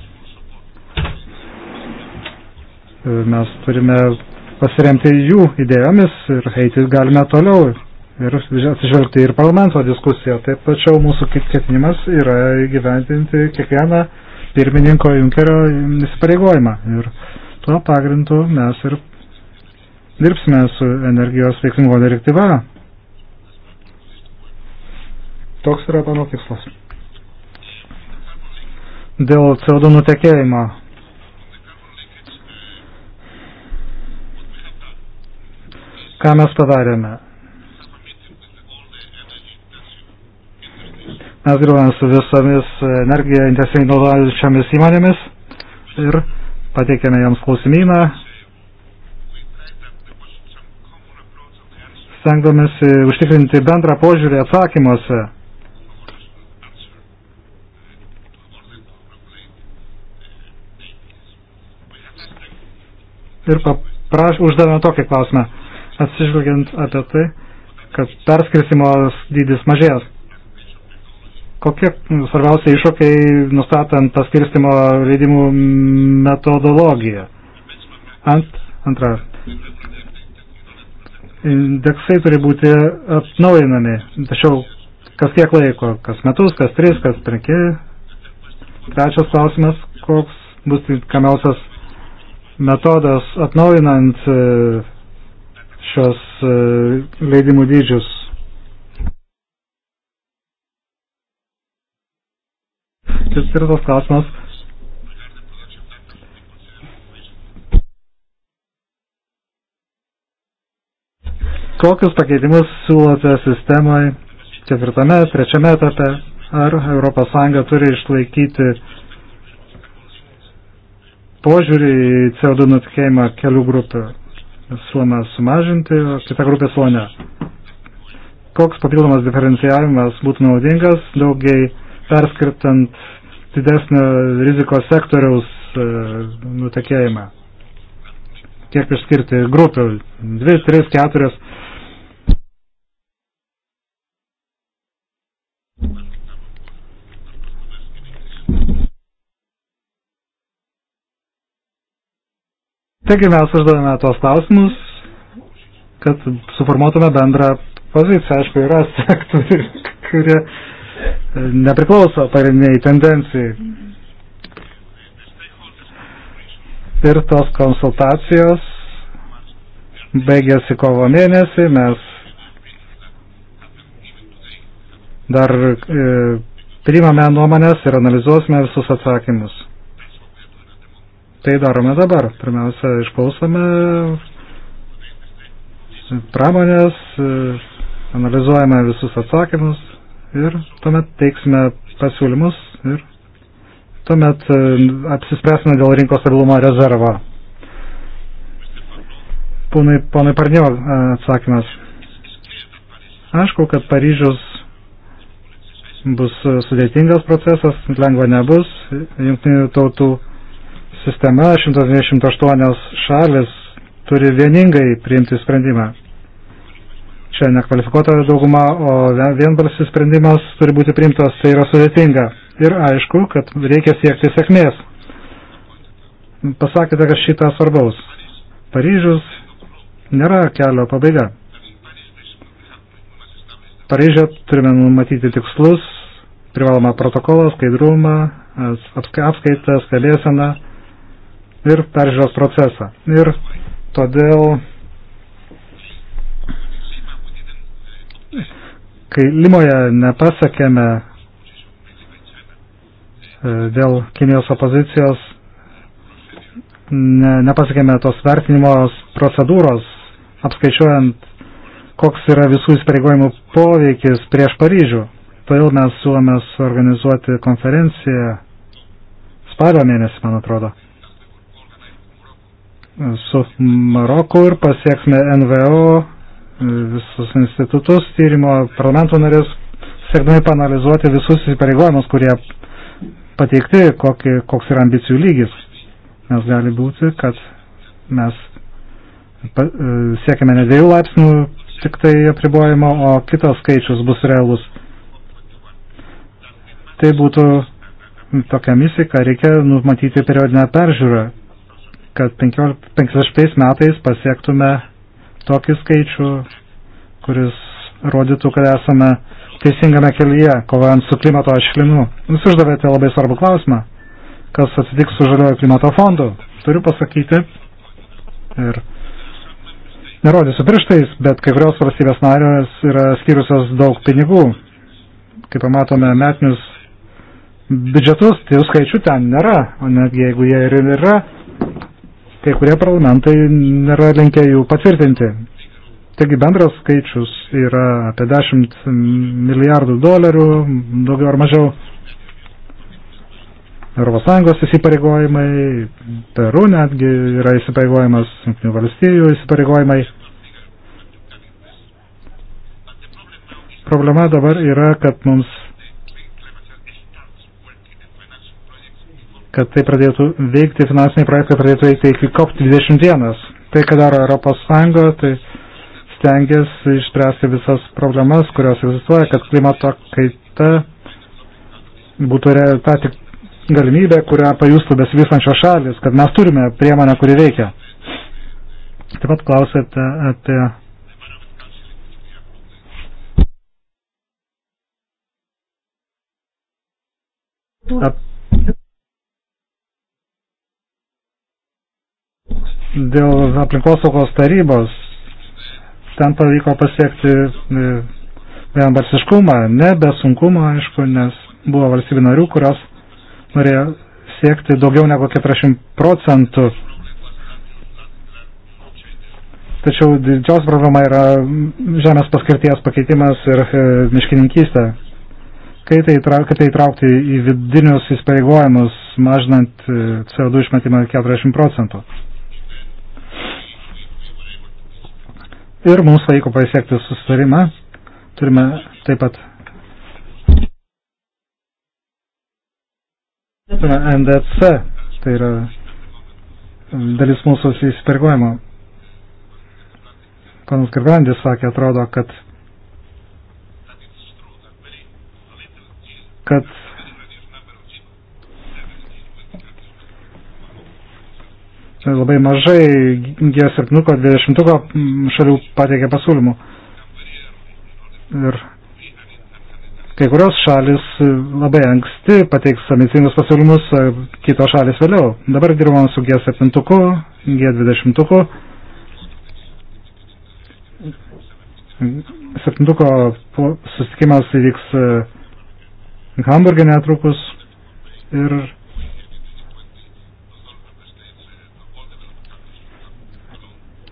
E, mes turime pasiremti jų idėjomis ir eiti galime toliau ir atsižvelgti ir parlamento diskusiją. Taip pačiau mūsų ketinimas yra gyventinti kiekvieną pirmininko Junkerio įsipareigojimą. Ir Tuo pagrindu mes ir dirbsime su energijos veiksmingo direktyva. Toks yra mano tikslas. Dėl CO2 nutekėjimo ką mes padarėme. Mes dirbame su visomis energiją intensyviai naudojančiomis įmonėmis ir pateikėme joms klausimyną, stengdomis e, užtikrinti bendrą požiūrį atsakymuose. Ir papraš, uždavėme tokį klausimą, atsižvelgiant apie tai, kad perskrisimo dydis mažės. Kokie svarbiausia iššūkiai nustatant paskirstimo leidimų metodologiją? Ant, antra. Indeksai turi būti atnaujinami, tačiau kas kiek laiko, kas metus, kas tris, kas penki. Trečias klausimas, koks bus tinkamiausias metodas atnaujinant e, šios e, leidimų dydžius ketvirtas klausimas. Kokius pakeitimus siūlote sistemai ketvirtame, trečiame etape? Ar ES turi išlaikyti požiūrį į CO2 nutikėjimą kelių grupių? Siūloma sumažinti, o kita grupė siūlo ne. Koks papildomas diferencijavimas būtų naudingas, daugiai perskirtant didesnio rizikos sektoriaus e, nutekėjimą. Kiek išskirti grupių? 2, 3, 4. Taigi mes uždavėme tos klausimus, kad suformuotume bendrą poziciją. Aišku, yra <laughs> sektorių, kurie nepriklauso pagrindiniai tendencijai. Ir tos konsultacijos baigėsi kovo mėnesį, mes dar e, priimame nuomonės ir analizuosime visus atsakymus. Tai darome dabar. Pirmiausia, išklausome pramonės, e, analizuojame visus atsakymus ir tuomet teiksime pasiūlymus ir tuomet e, apsispręsime dėl rinkos stabilumo rezervo. Ponai, ponai Parnio e, atsakymas. Aišku, kad Paryžius bus sudėtingas procesas, lengva nebus. Junktinių tautų sistema 128 šalis turi vieningai priimti sprendimą. Čia nekvalifikuota dauguma, o vienbalsis sprendimas turi būti priimtas, tai yra sudėtinga. Ir aišku, kad reikia siekti sėkmės. Pasakėte, kad šitą svarbaus. Paryžius nėra kelio pabaiga. Paryžė turime numatyti tikslus, privalomą protokolą, skaidrumą, apskaitą, skalėseną ir peržiūros procesą. Ir todėl kai Limoje nepasakėme e, dėl Kinijos opozicijos, ne, nepasakėme tos vertinimo procedūros, apskaičiuojant, koks yra visų įsipareigojimų poveikis prieš Paryžių. Todėl mes siūlome suorganizuoti konferenciją spalio mėnesį, man atrodo, su Maroku ir pasieksime NVO visus institutus tyrimo, parlamento narius, siekdami panalizuoti visus įpareigojimus, kurie pateikti, kokie, koks yra ambicijų lygis. Nes gali būti, kad mes pa, e, siekime ne dviejų laipsnių tik tai apribojimo, o kitas skaičius bus realus. Tai būtų tokia misija, ką reikia numatyti periodinę peržiūrą, kad 15, 55 metais pasiektume tokį skaičių, kuris rodytų, kad esame teisingame kelyje, kovojant su klimato atšilimu. Jūs uždavėte labai svarbų klausimą, kas atsitiks su žaliojo klimato fondu. Turiu pasakyti ir nerodysiu pirštais, bet kai kurios valstybės narės yra skyrusios daug pinigų. Kaip pamatome metinius biudžetus, tai jų skaičių ten nėra, o netgi jeigu jie ir yra, kai kurie parlamentai nėra linkę jų patvirtinti. Taigi bendras skaičius yra apie 10 milijardų dolerių, daugiau ar mažiau. ES įsipareigojimai, Peru netgi yra įsipareigojimas, Junktinių valstijų įsipareigojimai. Problema dabar yra, kad mums kad tai pradėtų veikti, finansiniai projektai pradėtų veikti iki COP21. Tai, ką daro Europos Sąjunga, tai stengiasi išspręsti visas problemas, kurios egzistuoja, kad klimato kaita būtų ta tik galimybė, kurią pajustų besivystančios šalis, kad mes turime priemonę, kuri veikia. Taip pat klausėte apie apie dėl aplinkosaugos tarybos ten pavyko pasiekti e, vienbalsiškumą, ne be sunkumo, aišku, nes buvo valstybių narių, kurios norėjo siekti daugiau negu 40 procentų. Tačiau didžiausia problema yra žemės paskirties pakeitimas ir e, miškininkystė. Kai tai, kai tai įtraukti į vidinius įsipareigojimus, mažinant e, CO2 išmetimą 40 procentų. ir mums pavyko pasiekti susitarimą. Turime taip pat turime NDC, tai yra um, dalis mūsų įsipareigojimo. Panas Garbrandis sakė, atrodo, kad kad labai mažai G7, 20 šalių pateikė pasiūlymų. Ir kai kurios šalis labai anksti pateiks ambicingus pasiūlymus, kitos šalis vėliau. Dabar dirbam su G7, G20. Septintuko susitikimas įvyks e, Hamburgė netrukus ir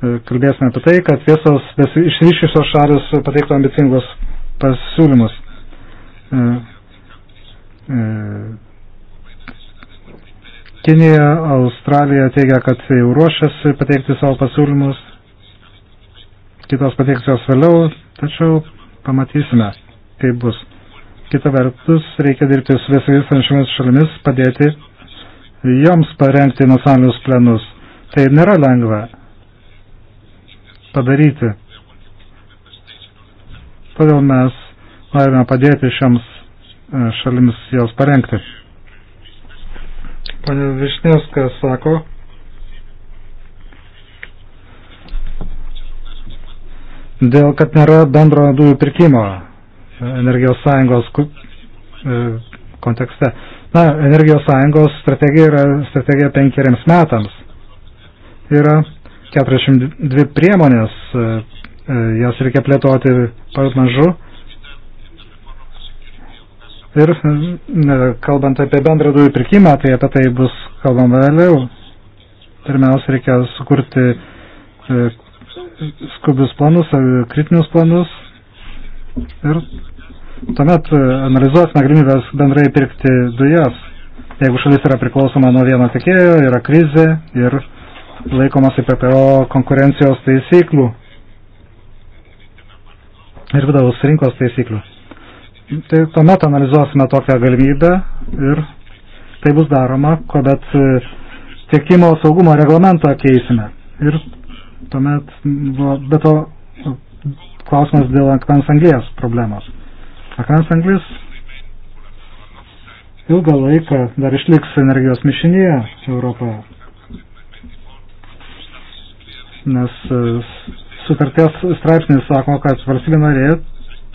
E, kalbėsime apie tai, kad visos išsivyščiusios šalis pateiktų ambicingus pasiūlymus. E, e, Kinija, Australija teigia, kad jau ruošiasi pateikti savo pasiūlymus, kitos pateiks jos vėliau, tačiau pamatysime, kaip bus. Kita vertus, reikia dirbti su visais šiomis šalimis, padėti joms parengti nacionalinius planus. Tai nėra lengva padaryti. Todėl mes norime padėti šiams e, šalims jos parengti. Pane Višnievska sako, dėl kad nėra bendro dujų pirkimo e, energijos sąjungos e, kontekste. Na, energijos sąjungos strategija yra strategija penkeriems metams. Yra 42 priemonės, e, e, jas reikia plėtoti mažu. Ir e, kalbant apie bendrą dujų pirkimą, tai apie tai bus kalbama vėliau. Pirmiausia, reikia sukurti skubius planus, kritinius planus. Ir tuomet analizuosime galimybės bendrai pirkti dujas. Jeigu šalis yra priklausoma nuo vieno tiekėjo, yra krizė ir laikomasi PPO konkurencijos taisyklių ir vidaus rinkos taisyklių. Tai tuomet analizuosime tokią galimybę ir tai bus daroma, kuomet e, tiekimo saugumo reglamentą keisime. Ir tuomet, be to, klausimas dėl akmens anglės problemos. Akmens anglis ilgą laiką dar išliks energijos mišinyje Europoje nes e, sutarties straipsnis sako, kad valstybė narė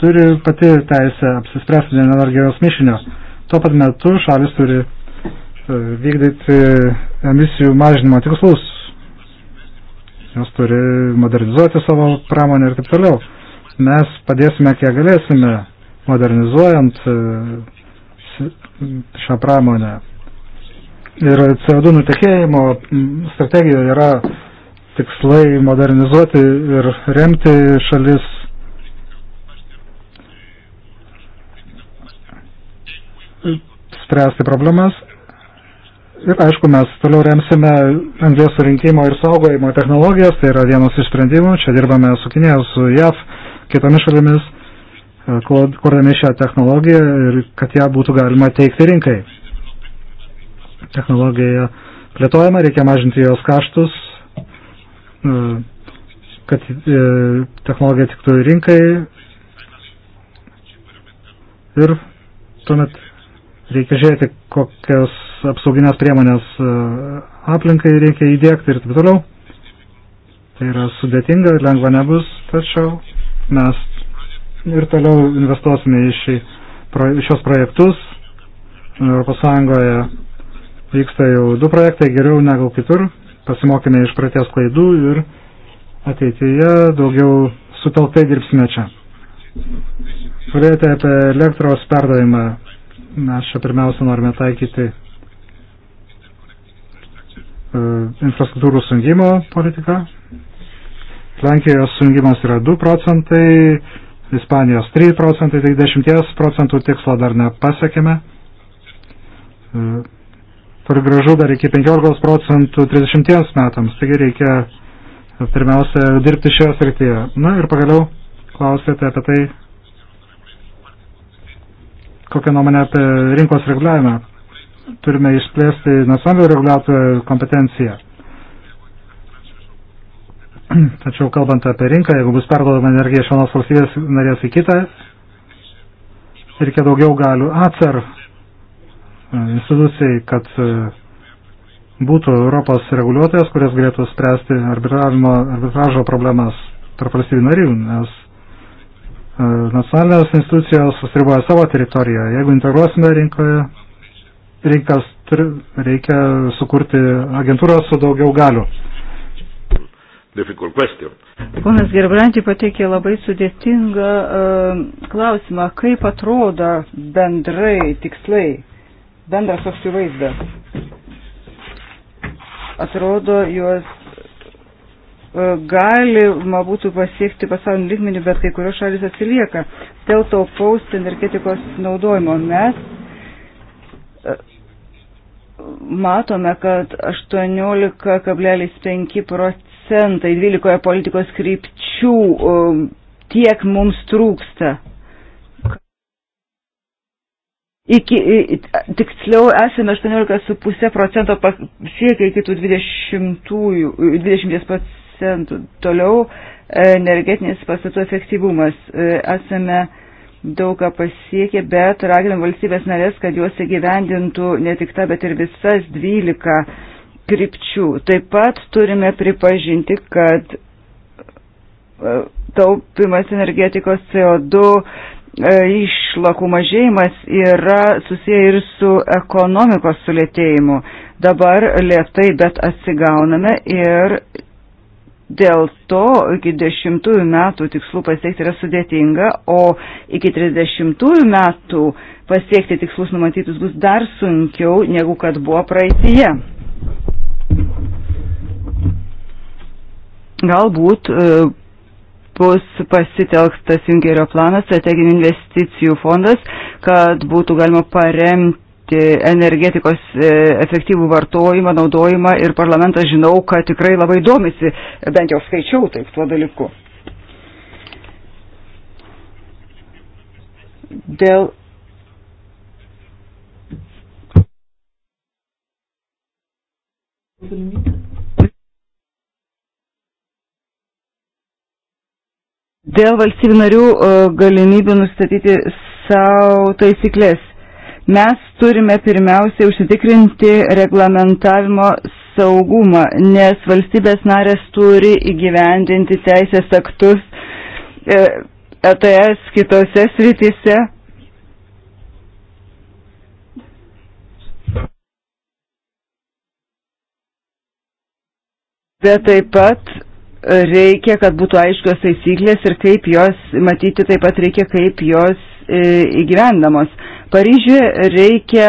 turi pati teisę apsispręsti dėl energijos mišinio. Tuo pat metu šalis turi e, vykdyti emisijų mažinimo tikslus. Jos turi modernizuoti savo pramonę ir taip toliau. Mes padėsime, kiek galėsime, modernizuojant e, šią pramonę. Ir CO2 nutekėjimo strategija yra tikslai modernizuoti ir remti šalis. spręsti problemas. Ir aišku, mes toliau remsime anglės surinkimo ir saugojimo technologijas, tai yra vienas iš sprendimų, čia dirbame su Kinėje, su JAV, kitomis šalimis, kurdami šią technologiją ir kad ją būtų galima teikti rinkai. Technologija plėtojama, reikia mažinti jos kaštus, kad e, technologija tiktų rinkai ir tuomet reikia žiūrėti, kokias apsauginės priemonės e, aplinkai reikia įdėkti ir taip toliau. Tai yra sudėtinga, lengva nebus, tačiau mes ir toliau investuosime į šį, šios projektus. Europos Sąjungoje vyksta jau du projektai geriau negu kitur pasimokime iš praties klaidų ir ateityje daugiau sutelktai dirbsime čia. Kalbėjote apie elektros perdavimą. Mes čia pirmiausia norime taikyti e, infrastruktūrų sungimo politiką. Lenkijos sungimas yra 2 procentai, Ispanijos 3 procentai, tai 10 procentų tikslo dar nepasiekime e, kur gražu dar iki 15 procentų 30 metams. Taigi reikia e, pirmiausia dirbti šioje srityje. Na ir pagaliau klausėte apie tai, kokią nuomonę apie rinkos reguliavimą. Turime išplėsti nacionalinio reguliuotojo kompetenciją. <clears throat> Tačiau kalbant apie rinką, jeigu bus perduodama energija iš vienos valstybės narės į kitą, reikia daugiau galių. Atsar institucijai, kad e, būtų Europos reguliuotojas, kuris galėtų spręsti arbitražo problemas tarp valstybių narių, nes e, nacionalinės institucijos susiriboja savo teritoriją. Jeigu integruosime rinkoje, rinkas turi, reikia sukurti agentūrą su daugiau galių. Ponas Gerbrantį pateikė labai sudėtingą uh, klausimą, kaip atrodo bendrai tikslai bendras toks įvaizdas. Atrodo, juos e, galima būtų pasiekti pasaulio lygmenių, bet kai kurios šalis atsilieka. Dėl to paust energetikos naudojimo mes e, matome, kad 18,5 procentai 12 politikos krypčių e, tiek mums trūksta iki, tiksliau esame 18,5 procento siekia iki tų 20, 20 procentų. Toliau e, energetinės pastatų efektyvumas. E, esame daug ką pasiekė, bet raginam valstybės narės, kad juos įgyvendintų ne tik ta, bet ir visas 12 krypčių. Taip pat turime pripažinti, kad e, taupimas energetikos CO2 E, išlakų mažėjimas yra susiję ir su ekonomikos sulėtėjimu. Dabar lietai, bet atsigauname ir dėl to iki dešimtųjų metų tikslų pasiekti yra sudėtinga, o iki trisdešimtųjų metų pasiekti tikslus numatytus bus dar sunkiau, negu kad buvo praeitie. Galbūt e, bus pasitelktas Junkerio planas, strateginių investicijų fondas, kad būtų galima paremti energetikos e, efektyvų vartojimą, naudojimą ir parlamentas žinau, kad tikrai labai domisi, bent jau skaičiau taip tuo dalyku. Dėl Thank you. Dėl valstybių narių e, galimybių nustatyti savo taisyklės. Mes turime pirmiausiai užsitikrinti reglamentavimo saugumą, nes valstybės narės turi įgyvendinti teisės aktus ETS e kitose srityse. Bet taip pat reikia, kad būtų aiškios taisyklės ir kaip jos, matyti taip pat reikia, kaip jos e, įgyvendamos. Paryžiuje reikia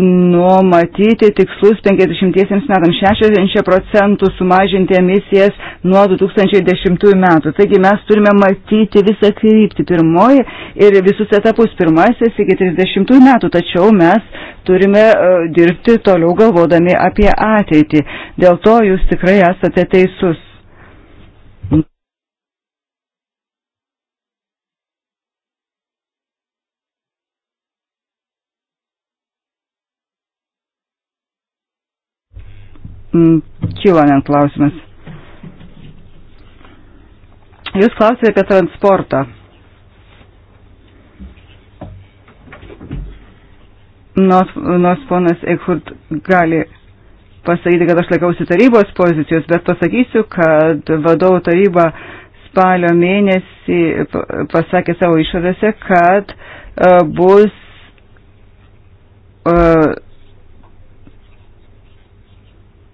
numatyti tikslus 50 metams 60 procentų sumažinti emisijas nuo 2010 metų. Taigi mes turime matyti visą kryptį pirmoji ir visus etapus pirmasis iki 30 metų, tačiau mes turime e, dirbti toliau galvodami apie ateitį. Dėl to jūs tikrai esate teisus. Mm, Kilonen klausimas. Jūs klausėte apie transportą. Nors, nors ponas Eichhurt gali pasakyti, kad aš laikausi tarybos pozicijos, bet pasakysiu, kad vadovų taryba spalio mėnesį pasakė savo išvadose, kad e, bus e,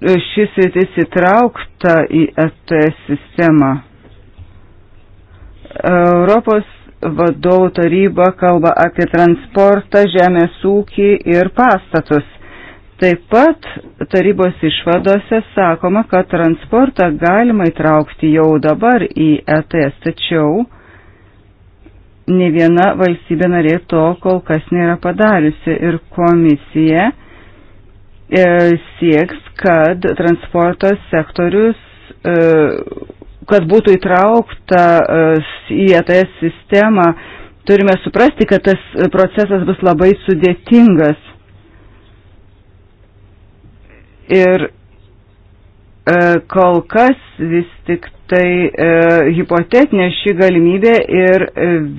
E, šis rytis įtraukta į ETS sistemą. Europos vadovų taryba kalba apie transportą, žemės ūkį ir pastatus. Taip pat tarybos išvadose sakoma, kad transportą galima įtraukti jau dabar į ETS, tačiau ne viena valstybė narė to kol kas nėra padariusi ir komisija E, sieks, kad transporto sektorius, e, kad būtų įtraukta e, į ETS sistemą, turime suprasti, kad tas procesas bus labai sudėtingas. Ir kol kas vis tik tai hipotetinė ši galimybė ir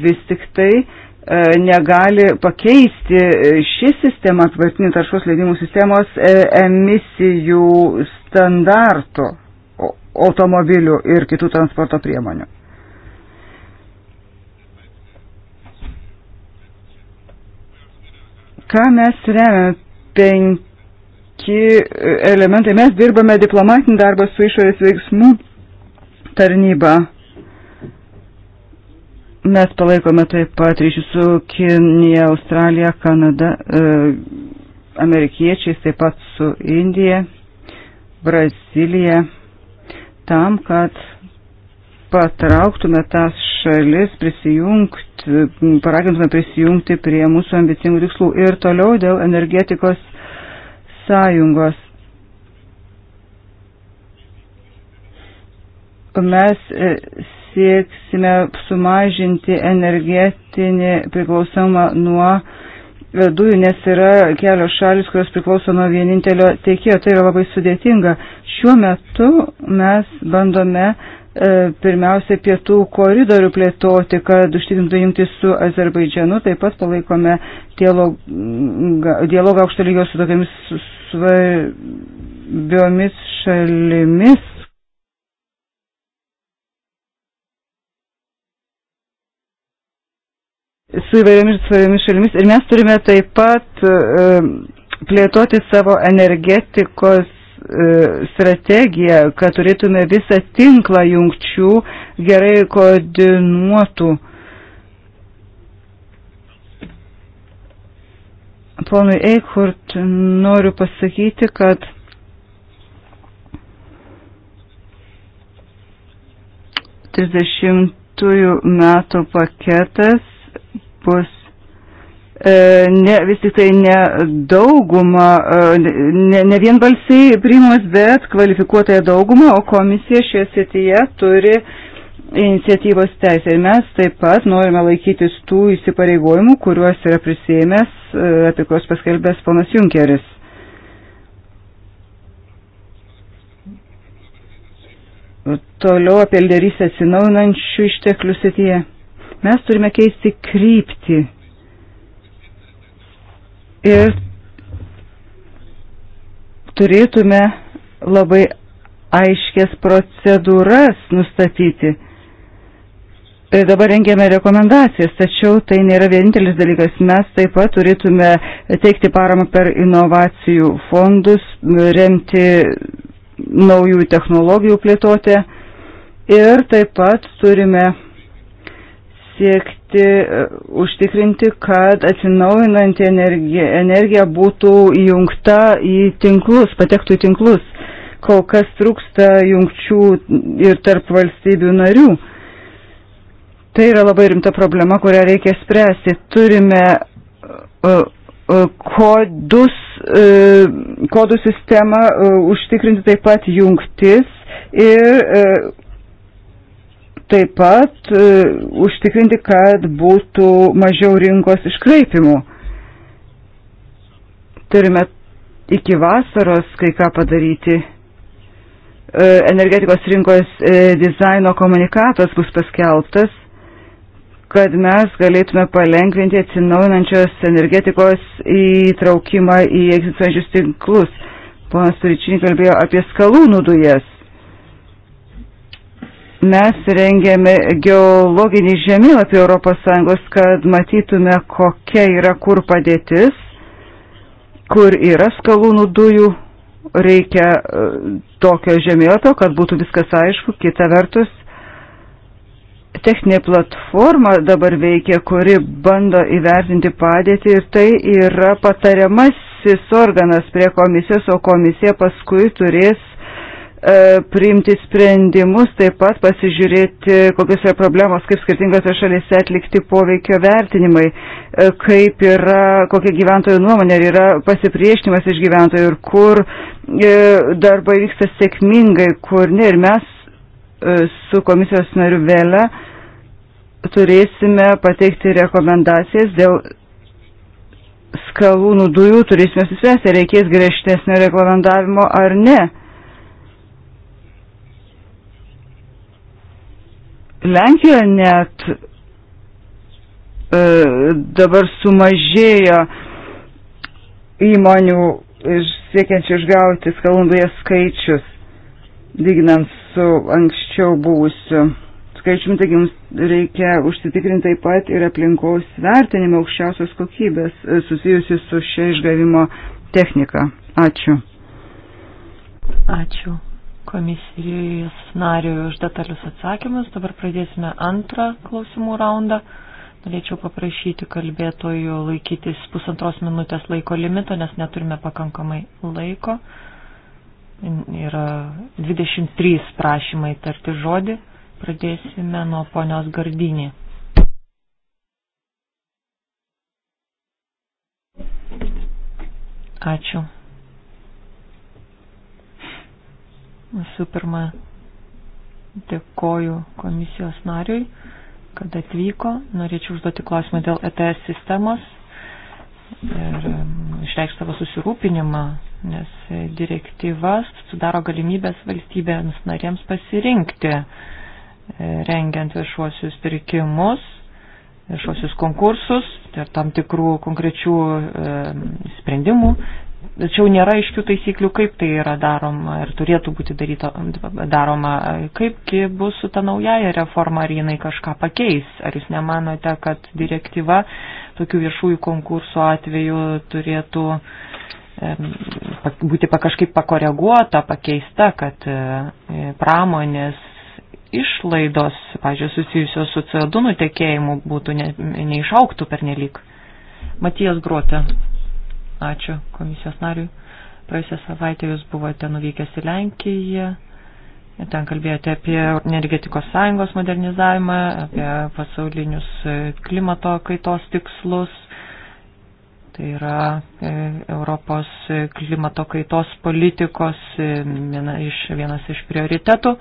vis tik tai uh, E, negali pakeisti e, ši sistema, tvartinių taršos leidimų sistemos, e, emisijų standartų automobilių ir kitų transporto priemonių. Ką mes remiame? Penki elementai. Mes dirbame diplomatinį darbą su išorės veiksmų tarnyba Mes palaikome taip pat ryšių su Kinija, Australija, Kanada, e, amerikiečiais, taip pat su Indija, Brazilija, tam, kad patrauktume tas šalis prisijungti, paragintume prisijungti prie mūsų ambicingų tikslų ir toliau dėl energetikos sąjungos. Mes e, sieksime sumažinti energetinį priklausomą nuo e, dujų, nes yra kelios šalis, kurios priklauso nuo vienintelio tiekėjo. Tai yra labai sudėtinga. Šiuo metu mes bandome e, pirmiausia pietų koridorių plėtoti, kad užtikrintų jungti su Azerbaidžianu. Taip pat palaikome dialogą, dialogą aukšto lygio su tokiamis svarbiomis šalimis. su įvairiomis svariomis šalimis ir mes turime taip pat plėtoti savo energetikos e, strategiją, kad turėtume visą tinklą jungčių gerai koordinuotų. Ponui Eichhurt noriu pasakyti, kad trisdešimtųjų metų paketas Europos e, ne, vis tik tai ne daugumą, e, ne, ne vien balsiai priimamas, bet kvalifikuotąją daugumą, o komisija šioje srityje turi iniciatyvos teisę. Ir mes taip pat norime laikytis tų įsipareigojimų, kuriuos yra prisėmęs, e, apie kuriuos paskelbęs ponas Junkeris. Toliau apie lyderystę atsinaunančių išteklių srityje. Mes turime keisti kryptį. Ir turėtume labai aiškės procedūras nustatyti. Ir dabar rengiame rekomendacijas, tačiau tai nėra vienintelis dalykas. Mes taip pat turėtume teikti paramą per inovacijų fondus, remti naujų technologijų plėtotę ir taip pat turime siekti e, užtikrinti, kad atsinaujinanti energija, energija būtų įjungta į tinklus, patektų į tinklus. Kol kas trūksta jungčių ir tarp valstybių narių. Tai yra labai rimta problema, kurią reikia spręsti. Turime e, e, kodus, kodų sistemą užtikrinti taip pat jungtis ir taip pat e, užtikrinti, kad būtų mažiau rinkos iškraipimų. Turime iki vasaros kai ką padaryti. E, energetikos rinkos e, dizaino komunikatas bus paskelbtas, kad mes galėtume palengvinti atsinaujinančios energetikos įtraukimą į egzistuojančius tinklus. Ponas Turičinį kalbėjo apie skalūnų dujas Mes rengėme geologinį žemėlapį ES, kad matytume, kokia yra kur padėtis, kur yra skalūnų dujų. Reikia e, tokio žemėlapio, kad būtų viskas aišku. Kita vertus, techninė platforma dabar veikia, kuri bando įvertinti padėtį ir tai yra patariamasis organas prie komisijos, o komisija paskui turės E, priimti sprendimus, taip pat pasižiūrėti, kokios yra problemos, kaip skirtingose šalise atlikti poveikio vertinimai, e, kaip yra, kokia gyventojų nuomonė, ar yra pasipriešinimas iš gyventojų ir kur e, darbai vyksta sėkmingai, kur ne. Ir mes su komisijos nariu vėlę turėsime pateikti rekomendacijas dėl skalūnų dujų, turėsime susvesti, reikės griežtesnio reglamentavimo ar ne. Lenkijoje net e, dabar sumažėjo įmonių iš, siekiančių išgauti skalundoje skaičius, lyginant su anksčiau buvusiu skaičiumi, taigi mums reikia užsitikrinti taip pat ir aplinkos vertinimą aukščiausios kokybės e, susijusi su šia išgavimo technika. Ačiū. Ačiū komisijos nariui už detalius atsakymus. Dabar pradėsime antrą klausimų raundą. Norėčiau paprašyti kalbėtojų laikytis pusantros minutės laiko limito, nes neturime pakankamai laiko. Yra 23 prašymai tarti žodį. Pradėsime nuo ponios Gardinį. Ačiū. Visų pirma, dėkoju komisijos nariui, kad atvyko. Norėčiau užduoti klausimą dėl ETS sistemos ir mm, išreikšti savo susirūpinimą, nes direktyvas sudaro galimybės valstybėms narėms pasirinkti, e, rengiant viešuosius pirkimus, viešuosius konkursus ir tam tikrų konkrečių e, sprendimų Tačiau nėra aiškių taisyklių, kaip tai yra daroma ir turėtų būti daryta, daroma, kaipgi bus su ta naujaja reforma, ar jinai kažką pakeis. Ar jūs nemanote, kad direktyva tokių viešųjų konkursų atveju turėtų būti kažkaip pakoreguota, pakeista, kad e, pramonės išlaidos, pažiūrėjau, susijusios su CO2 nutekėjimu būtų ne, neišauktų per nelik. Matijas Gruotė. Ačiū komisijos nariui. Praėjusią savaitę jūs buvote nuvykęs į Lenkiją. Ten kalbėjote apie energetikos sąjungos modernizavimą, apie pasaulinius e, klimato kaitos tikslus. Tai yra e, Europos klimato kaitos politikos e, viena iš, vienas iš prioritetų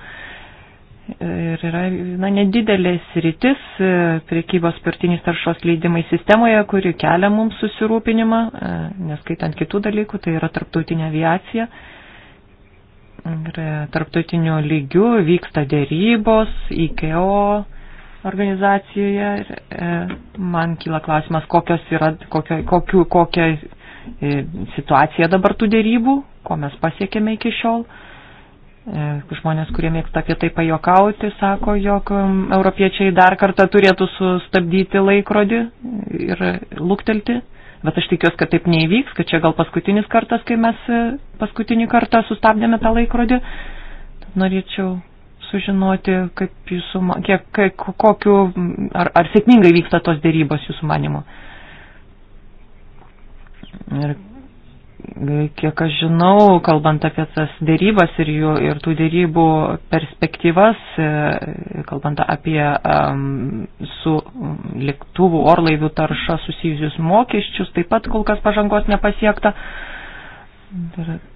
ir yra na, nedidelės rytis e, priekybos partiniais taršos leidimai sistemoje, kuri kelia mums susirūpinimą, e, neskaitant kitų dalykų, tai yra tarptautinė aviacija. Ir e, tarptautiniu lygiu vyksta dėrybos, IKO organizacijoje. Ir, man kyla klausimas, kokios yra, kokio, kokiu, kokia situacija dabar tų dėrybų, ko mes pasiekėme iki šiol. E, žmonės, kurie mėgsta apie tai pajokauti, sako, jog um, europiečiai dar kartą turėtų sustabdyti laikrodį ir luktelti. Bet aš tikiuosi, kad taip neįvyks, kad čia gal paskutinis kartas, kai mes e, paskutinį kartą sustabdėme tą laikrodį. Norėčiau sužinoti, kaip jūsų, kiek, kiek, kokiu, ar, ar sėkmingai vyksta tos dėrybos jūsų manimu. Ir kiek aš žinau, kalbant apie tas dėrybas ir, jų, ir tų dėrybų perspektyvas, e, kalbant apie um, su lėktuvų orlaivių tarša susijusius mokesčius, taip pat kol kas pažangos nepasiekta.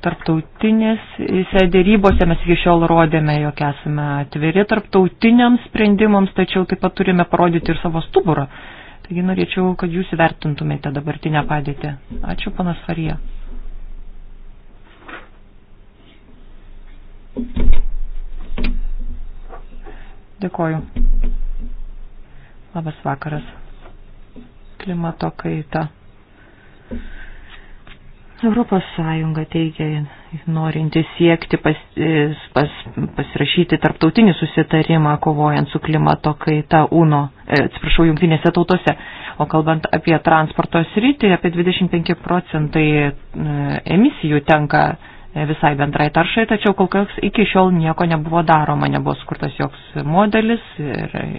Tarptautinėse dėrybose mes iki šiol rodėme, jog esame atviri tarptautiniams sprendimams, tačiau taip pat turime parodyti ir savo stuburą. Taigi norėčiau, kad jūs įvertintumėte dabartinę padėtį. Ačiū, panas Farija. Dėkoju. Labas vakaras. Klimato kaita. Europos Sąjunga teigia, norinti siekti pas, eh, pas, pasirašyti tarptautinį susitarimą kovojant su klimato kaita UNO, eh, atsiprašau, jungtinėse tautose. O kalbant apie transporto sritį, apie 25 procentai eh, emisijų tenka visai bendrai taršai, tačiau kol kas iki šiol nieko nebuvo daroma, nebuvo skurtas joks modelis ir e,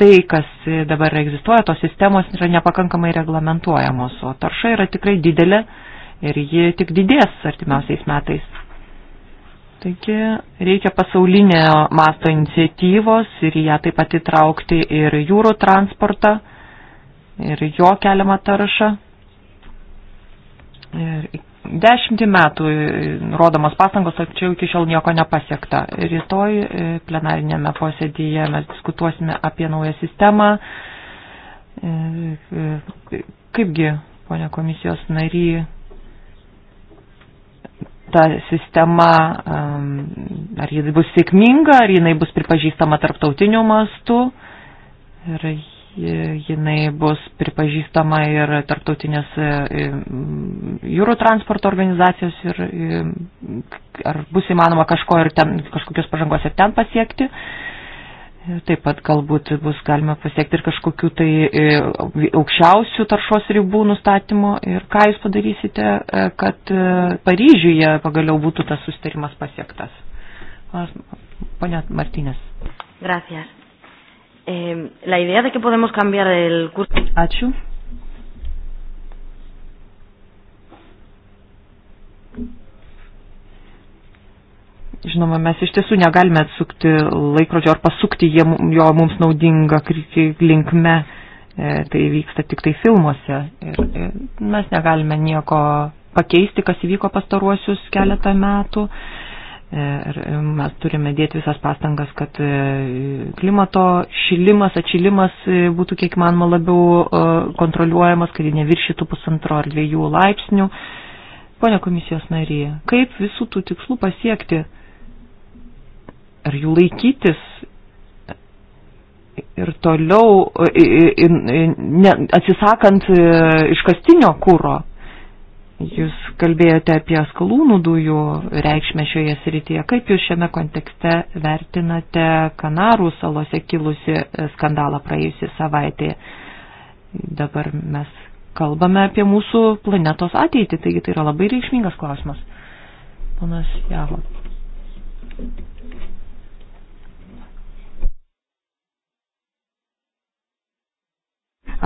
tai, kas dabar egzistuoja, tos sistemos yra nepakankamai reglamentuojamos, o tarša yra tikrai didelė ir ji tik didės artimiausiais metais. Taigi reikia pasaulinio masto iniciatyvos ir ją taip pat įtraukti ir jūrų transportą, ir jo keliamą taršą. Ir Dešimtį metų e, rodomos pastangos, tačiau iki šiol nieko nepasiekta. Rytoj e, plenarinėme posėdyje mes diskutuosime apie naują sistemą. E, kaipgi, ponia komisijos nary, ta sistema, ar ji bus sėkminga, ar jinai bus pripažįstama tarptautiniu mastu. Ir jinai bus pripažįstama ir tarptautinės e, e, jūrų transporto organizacijos ir e, ar bus įmanoma kažko ir ten, kažkokios pažangos ir ten pasiekti. Taip pat galbūt bus galima pasiekti ir kažkokių tai aukščiausių taršos ribų nustatymo ir ką jūs padarysite, kad Paryžiuje pagaliau būtų tas sustarimas pasiektas. Pone Martinės. Gracias eh, la idea de que podemos cambiar el curso. Ačiū. Žinoma, mes iš tiesų negalime atsukti laikrodžio ar pasukti jie, jo mums naudingą linkme. E, tai vyksta tik tai filmuose. Ir, ir e, mes negalime nieko pakeisti, kas įvyko pastaruosius keletą metų. E, E, ir e, mes turime dėti visas pastangas, kad e, klimato šilimas, atšilimas būtų kiek manoma labiau kontroliuojamas, kad jie neviršytų pusantro ar dviejų laipsnių. Pone komisijos narė, kaip visų tų tikslų pasiekti? Ar jų laikytis ir toliau, ir, ir, ne, atsisakant iškastinio kūro? Jūs kalbėjote apie skalūnų dujų reikšmę šioje srityje. Kaip jūs šiame kontekste vertinate Kanarų salose kilusi skandalą praėjusią savaitę? Dabar mes kalbame apie mūsų planetos ateitį, taigi tai yra labai reikšmingas klausimas. Ponas Javo.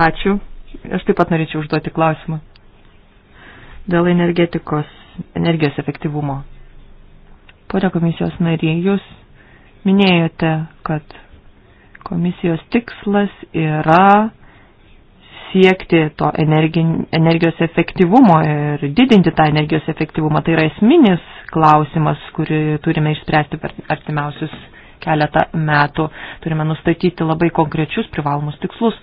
Ačiū. Aš taip pat norėčiau užduoti klausimą dėl energetikos, energijos efektyvumo. Pone komisijos nariai, jūs minėjote, kad komisijos tikslas yra siekti to energijos efektyvumo ir didinti tą energijos efektyvumą. Tai yra esminis klausimas, kurį turime išspręsti per artimiausius keletą metų. Turime nustatyti labai konkrečius privalomus tikslus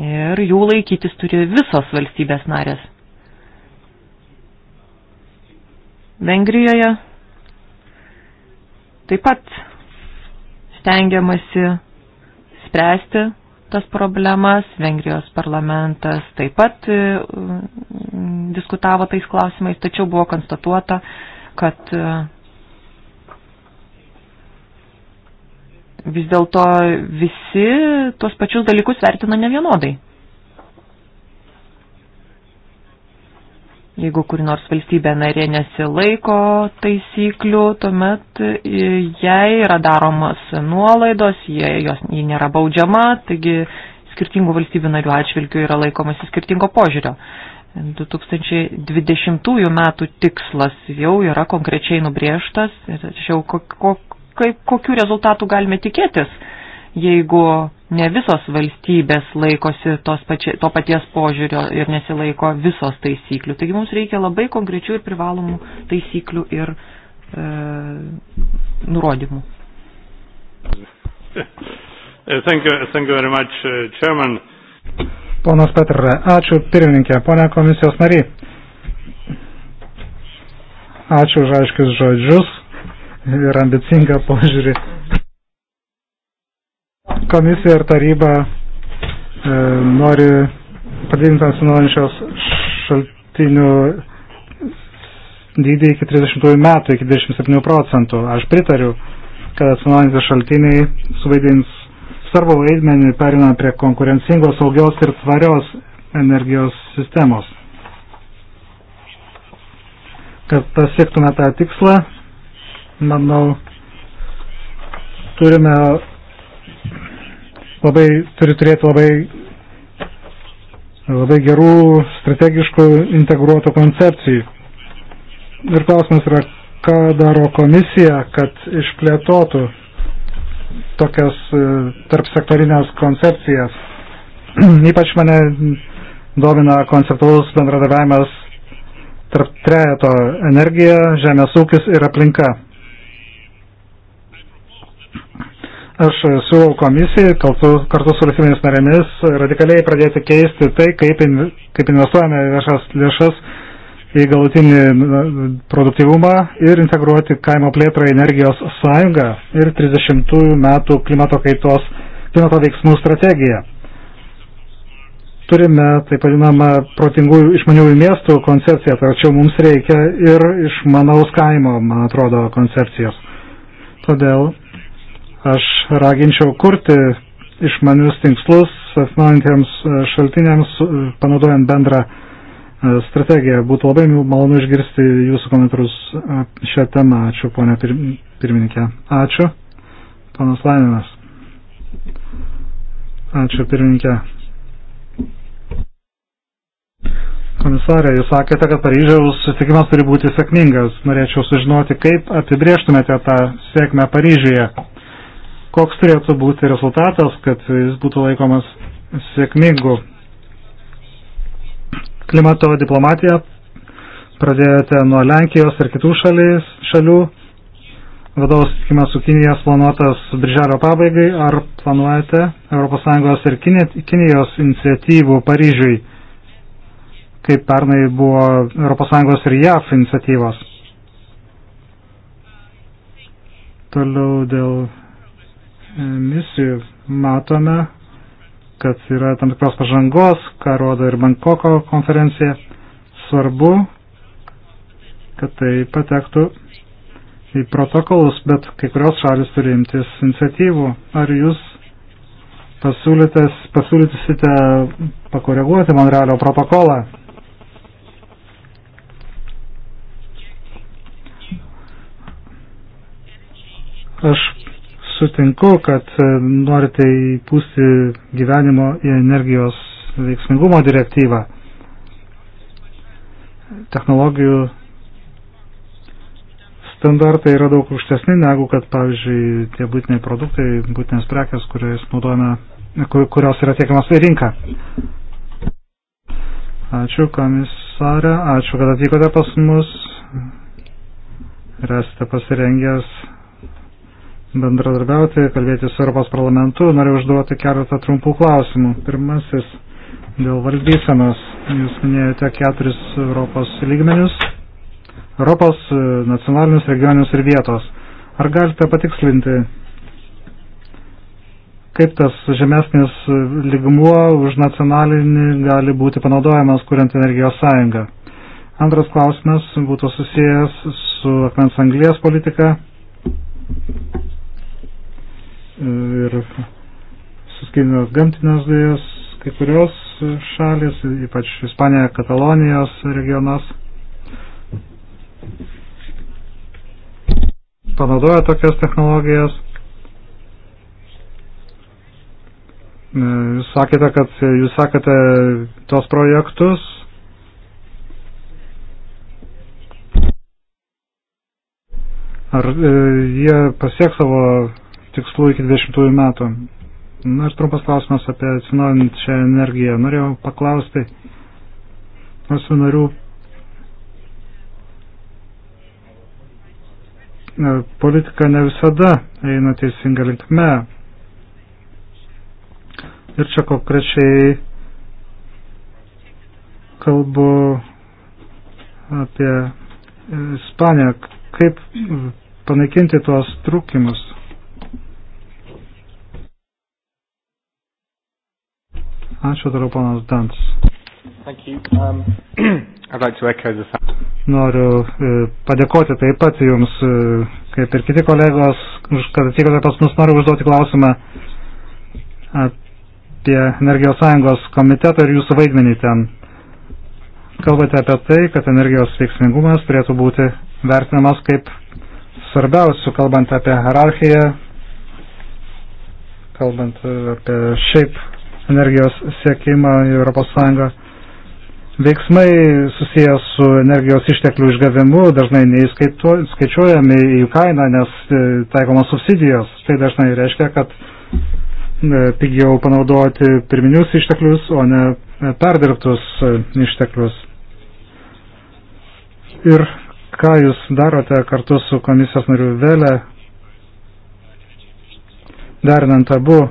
ir jų laikytis turi visos valstybės narės. Vengrijoje taip pat stengiamasi spręsti tas problemas. Vengrijos parlamentas taip pat e, diskutavo tais klausimais, tačiau buvo konstatuota, kad e, vis dėlto visi tuos pačius dalykus vertina nevienodai. Jeigu kur nors valstybė narė nesilaiko taisyklių, tuomet e, jai yra daromas nuolaidos, jie, jos, jie nėra baudžiama, taigi skirtingų valstybių narių atšvilgių yra laikomasi skirtingo požiūrio. 2020 metų tikslas jau yra konkrečiai nubrėžtas ir tačiau kaip, kokiu rezultatu galime tikėtis, jeigu ne visos valstybės laikosi pačia, to paties požiūrio ir nesilaiko visos taisyklių. Taigi mums reikia labai konkrečių ir privalomų taisyklių ir e, nurodymų. Eh, thank you, thank you very much, eh, Chairman. Ponas Petra, ačiū pirmininkė, ponia komisijos nariai. Ačiū už aiškius žodžius ir ambicingą požiūrį. Komisija ir taryba e, nori padidinti atsinaujančios šaltinių dydį iki 30 metų, iki 27 procentų. Aš pritariu, kad atsinaujantys šaltiniai suvaidins svarbu vaidmenį perinant prie konkurencingos, saugios ir tvarios energijos sistemos. Kad pasiektume tą tikslą, manau, turime labai, turi turėti labai, labai gerų strategiškų integruotų koncepcijų. Ir klausimas yra, ką daro komisija, kad išplėtotų tokias e, tarp sektorinės koncepcijas. <clears throat> Ypač mane domina konceptualus bendradarbiavimas tarp trejato energija, žemės ūkis ir aplinka. Aš siūlau komisijai kartu, kartu su valstybėmis narėmis radikaliai pradėti keisti tai, kaip, in, kaip investuojame lėšas, lėšas į galutinį produktyvumą ir integruoti kaimo plėtrą energijos sąjungą ir 30 metų klimato kaitos klimato veiksmų strategiją. Turime taip vadinamą protingųjų išmaniųjų miestų koncepciją, tai tačiau mums reikia ir išmanaus kaimo, man atrodo, koncepcijos. Todėl Aš raginčiau kurti išmanius tinkslus atsinaujantiems e, šaltiniams, e, panaudojant bendrą e, strategiją. Būtų labai malonu išgirsti jūsų komentarus šią temą. Ačiū, ponia pirmininkė. Ačiū. Panas Laininas. Ačiū, pirmininkė. Komisarė, jūs sakėte, kad Paryžiaus sutikimas turi būti sėkmingas. Norėčiau sužinoti, kaip apibrieštumėte tą sėkmę Paryžiuje koks turėtų būti rezultatas, kad jis būtų laikomas sėkmingu. Klimato diplomatiją pradėjote nuo Lenkijos ir kitų šalis, šalių. Vadovas susitikimas su Kinijas planuotas birželio pabaigai. Ar planuojate ES ir Kinijos iniciatyvų Paryžiui, kaip pernai buvo ES ir JAF iniciatyvos? Toliau dėl misijų matome, kad yra tam tikros pažangos, ką rodo ir Bankoko konferencija. Svarbu, kad tai patektų į protokolus, bet kai kurios šalis turi imtis iniciatyvų. Ar jūs pasiūlytisite pakoreguoti Monrealio protokolą? Aš sutinku, kad e, norite įpūsti gyvenimo į energijos veiksmingumo direktyvą. Technologijų standartai yra daug aukštesni negu kad, pavyzdžiui, tie būtiniai produktai, būtinės prekes, kurios, naudojame, kurios yra tiekiamas į rinką. Ačiū komisarė, ačiū, kad atvykote pas mus ir esate pasirengęs bendradarbiauti, kalbėti su Europos parlamentu, noriu užduoti keletą trumpų klausimų. Pirmasis dėl valdysenos. Jūs minėjote keturis Europos lygmenius. Europos, e, nacionalinius, regioninius ir vietos. Ar galite patikslinti, kaip tas žemesnis lygmuo už nacionalinį gali būti panaudojamas, kuriant energijos sąjungą? Antras klausimas būtų susijęs su akmens anglijas politika ir suskirdinos gamtinės dujas, kai kurios šalis, ypač Ispanija, Katalonijos regionas, panaudoja tokias technologijas. Jūs sakėte, kad jūs sakėte tos projektus. Ar e, jie pasieks savo tikslų iki 20 metų. Na ir trumpas klausimas apie atsinaujinančią energiją. Norėjau paklausti mūsų narių e, politika ne visada eina teisinga linkme. Ir čia konkrečiai kalbu apie Ispaniją, kaip panaikinti tuos trūkimus. Ačiū, darau panas Dans. Um, <clears throat> like Noriu e, padėkoti taip pat Jums, e, kaip ir kiti kolegos, kad atvykote pas mus. Noriu užduoti klausimą apie Energijos sąjungos komitetą ir Jūsų vaidmenį ten. Kalbate apie tai, kad energijos veiksmingumas turėtų būti vertinamas kaip svarbiausių, kalbant apie hierarchiją, kalbant e, apie šiaip energijos siekimą į ES. Veiksmai susijęs su energijos išteklių išgavimu dažnai neįskaičiuojami į jų kainą, nes e, taikomos subsidijos. Tai dažnai reiškia, kad e, pigiau panaudoti pirminius išteklius, o ne e, perdirbtus išteklius. Ir ką jūs darote kartu su komisijos nariu Vėlė, derinant abu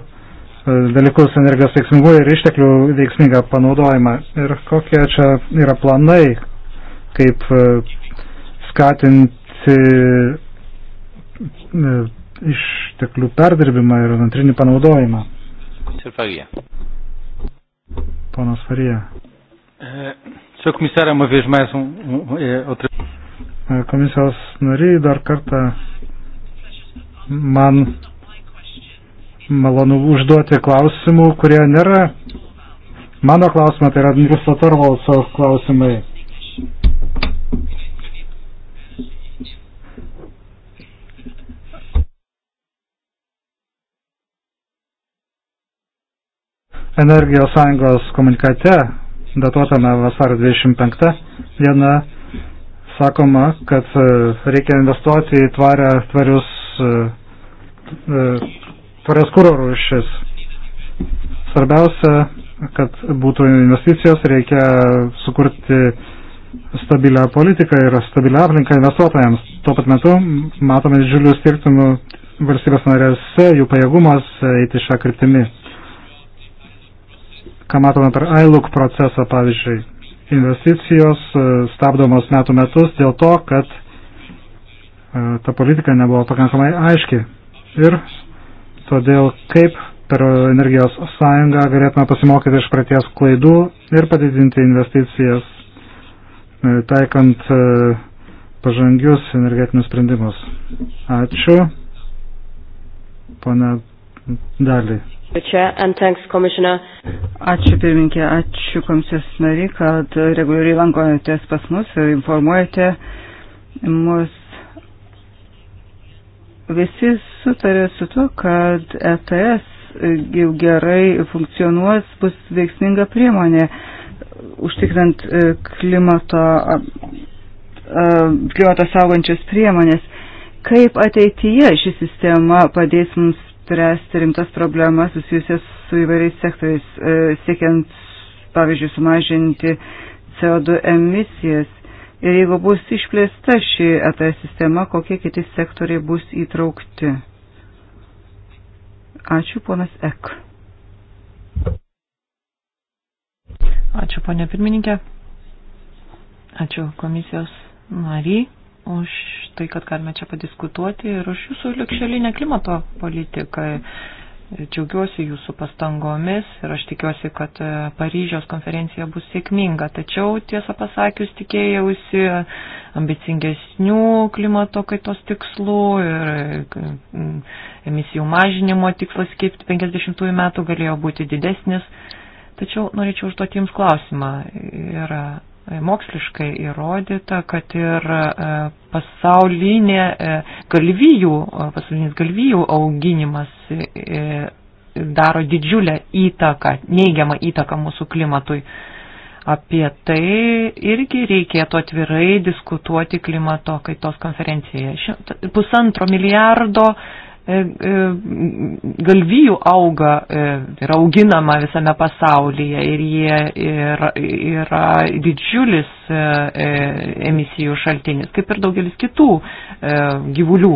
dalykus energijos veiksmingų ir išteklių veiksmingą panaudojimą. Ir kokie čia yra planai, kaip e, skatinti e, išteklių perdirbimą ir antrinį panaudojimą. Ponas Farija. E, Sr. Comissário, uma vez mais, um, um, um é, outra... Komisijos nariai dar kartą man malonu užduoti klausimų, kurie nėra mano klausimai, tai yra Nilso Torvalso klausimai. Energijos sąjungos komunikate, datuotame vasario 25 diena, sakoma, kad e, reikia investuoti į tvarę, tvarius e, e, tvarias kūro rūšis. Svarbiausia, kad būtų investicijos, reikia sukurti stabilią politiką ir stabilią aplinką investuotojams. Tuo pat metu matome didžiulių skirtumų valstybės narėse, jų pajėgumas eiti šią kryptimį. Ką matome per ILUK procesą, pavyzdžiui, investicijos e, stabdomos metų metus dėl to, kad e, ta politika nebuvo pakankamai aiški. Ir Todėl kaip per energijos sąjungą galėtume pasimokyti iš praties klaidų ir padidinti investicijas, e, taikant e, pažangius energetinius sprendimus. Ačiū. Pana Dali. Ačiū pirminkė, ačiū komisijos nariai, kad reguliariai lankojatės pas mus ir informuojate mus Visi sutarė su tuo, kad ETS jau gerai funkcionuos, bus veiksminga priemonė uh, užtikrant uh, klimato, uh, klimato saugančias priemonės. Kaip ateityje ši sistema padės mums spręsti rimtas problemas susijusias su įvairiais sektoriais, siekiant, pavyzdžiui, sumažinti CO2 emisijas? Ir jeigu bus išplėsta ši ETS sistema, kokie kiti sektoriai bus įtraukti? Ačiū, ponas Ek. Ačiū, ponė pirmininkė. Ačiū komisijos nariai už tai, kad galime čia padiskutuoti ir už jūsų likšelinę klimato politiką Džiaugiuosi jūsų pastangomis ir aš tikiuosi, kad e, Paryžiaus konferencija bus sėkminga. Tačiau, tiesą pasakius, tikėjausi ambicingesnių klimato kaitos tikslų ir e, emisijų mažinimo tikslas iki 50 metų galėjo būti didesnis. Tačiau norėčiau užduoti Jums klausimą. Yra E, moksliškai įrodyta, kad ir e, pasaulinė e, galvijų, pasaulinis galvijų auginimas daro didžiulę įtaką, neigiamą įtaką mūsų klimatui. Apie tai irgi reikėtų atvirai diskutuoti klimato kaitos konferencijoje. Pusantro milijardo E, e, galvijų auga e, ir tai auginama visame pasaulyje ir jie yra, yra didžiulis emisijų šaltinis, kaip ir daugelis kitų gyvulių.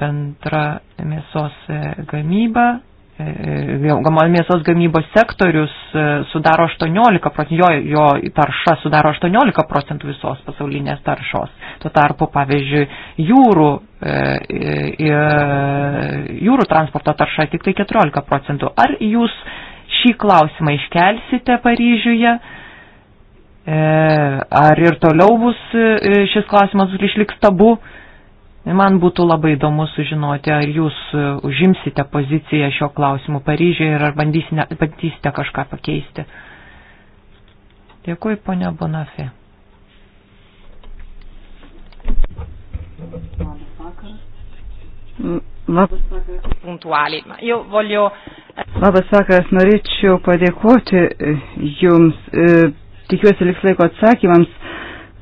Bendra mėsos gamyba E, mėsos gamybos sektorius e, sudaro 18 procentų, jo, jo tarša sudaro 18 procentų visos pasaulinės taršos. Tuo tarpu, pavyzdžiui, jūrų, e, jūrų transporto tarša tik tai 14 procentų. Ar jūs šį klausimą iškelsite Paryžiuje? Ar ir toliau bus šis klausimas išliks tabu? Man būtų labai įdomu sužinoti, ar jūs e, užimsite poziciją šio klausimu Paryžiuje ir ar bandysite, bandysite kažką pakeisti. Dėkui, ponia Bonafė. Labas vakaras, e, vakaras. norėčiau padėkoti e, Jums. Tikiuosi liks laiko atsakymams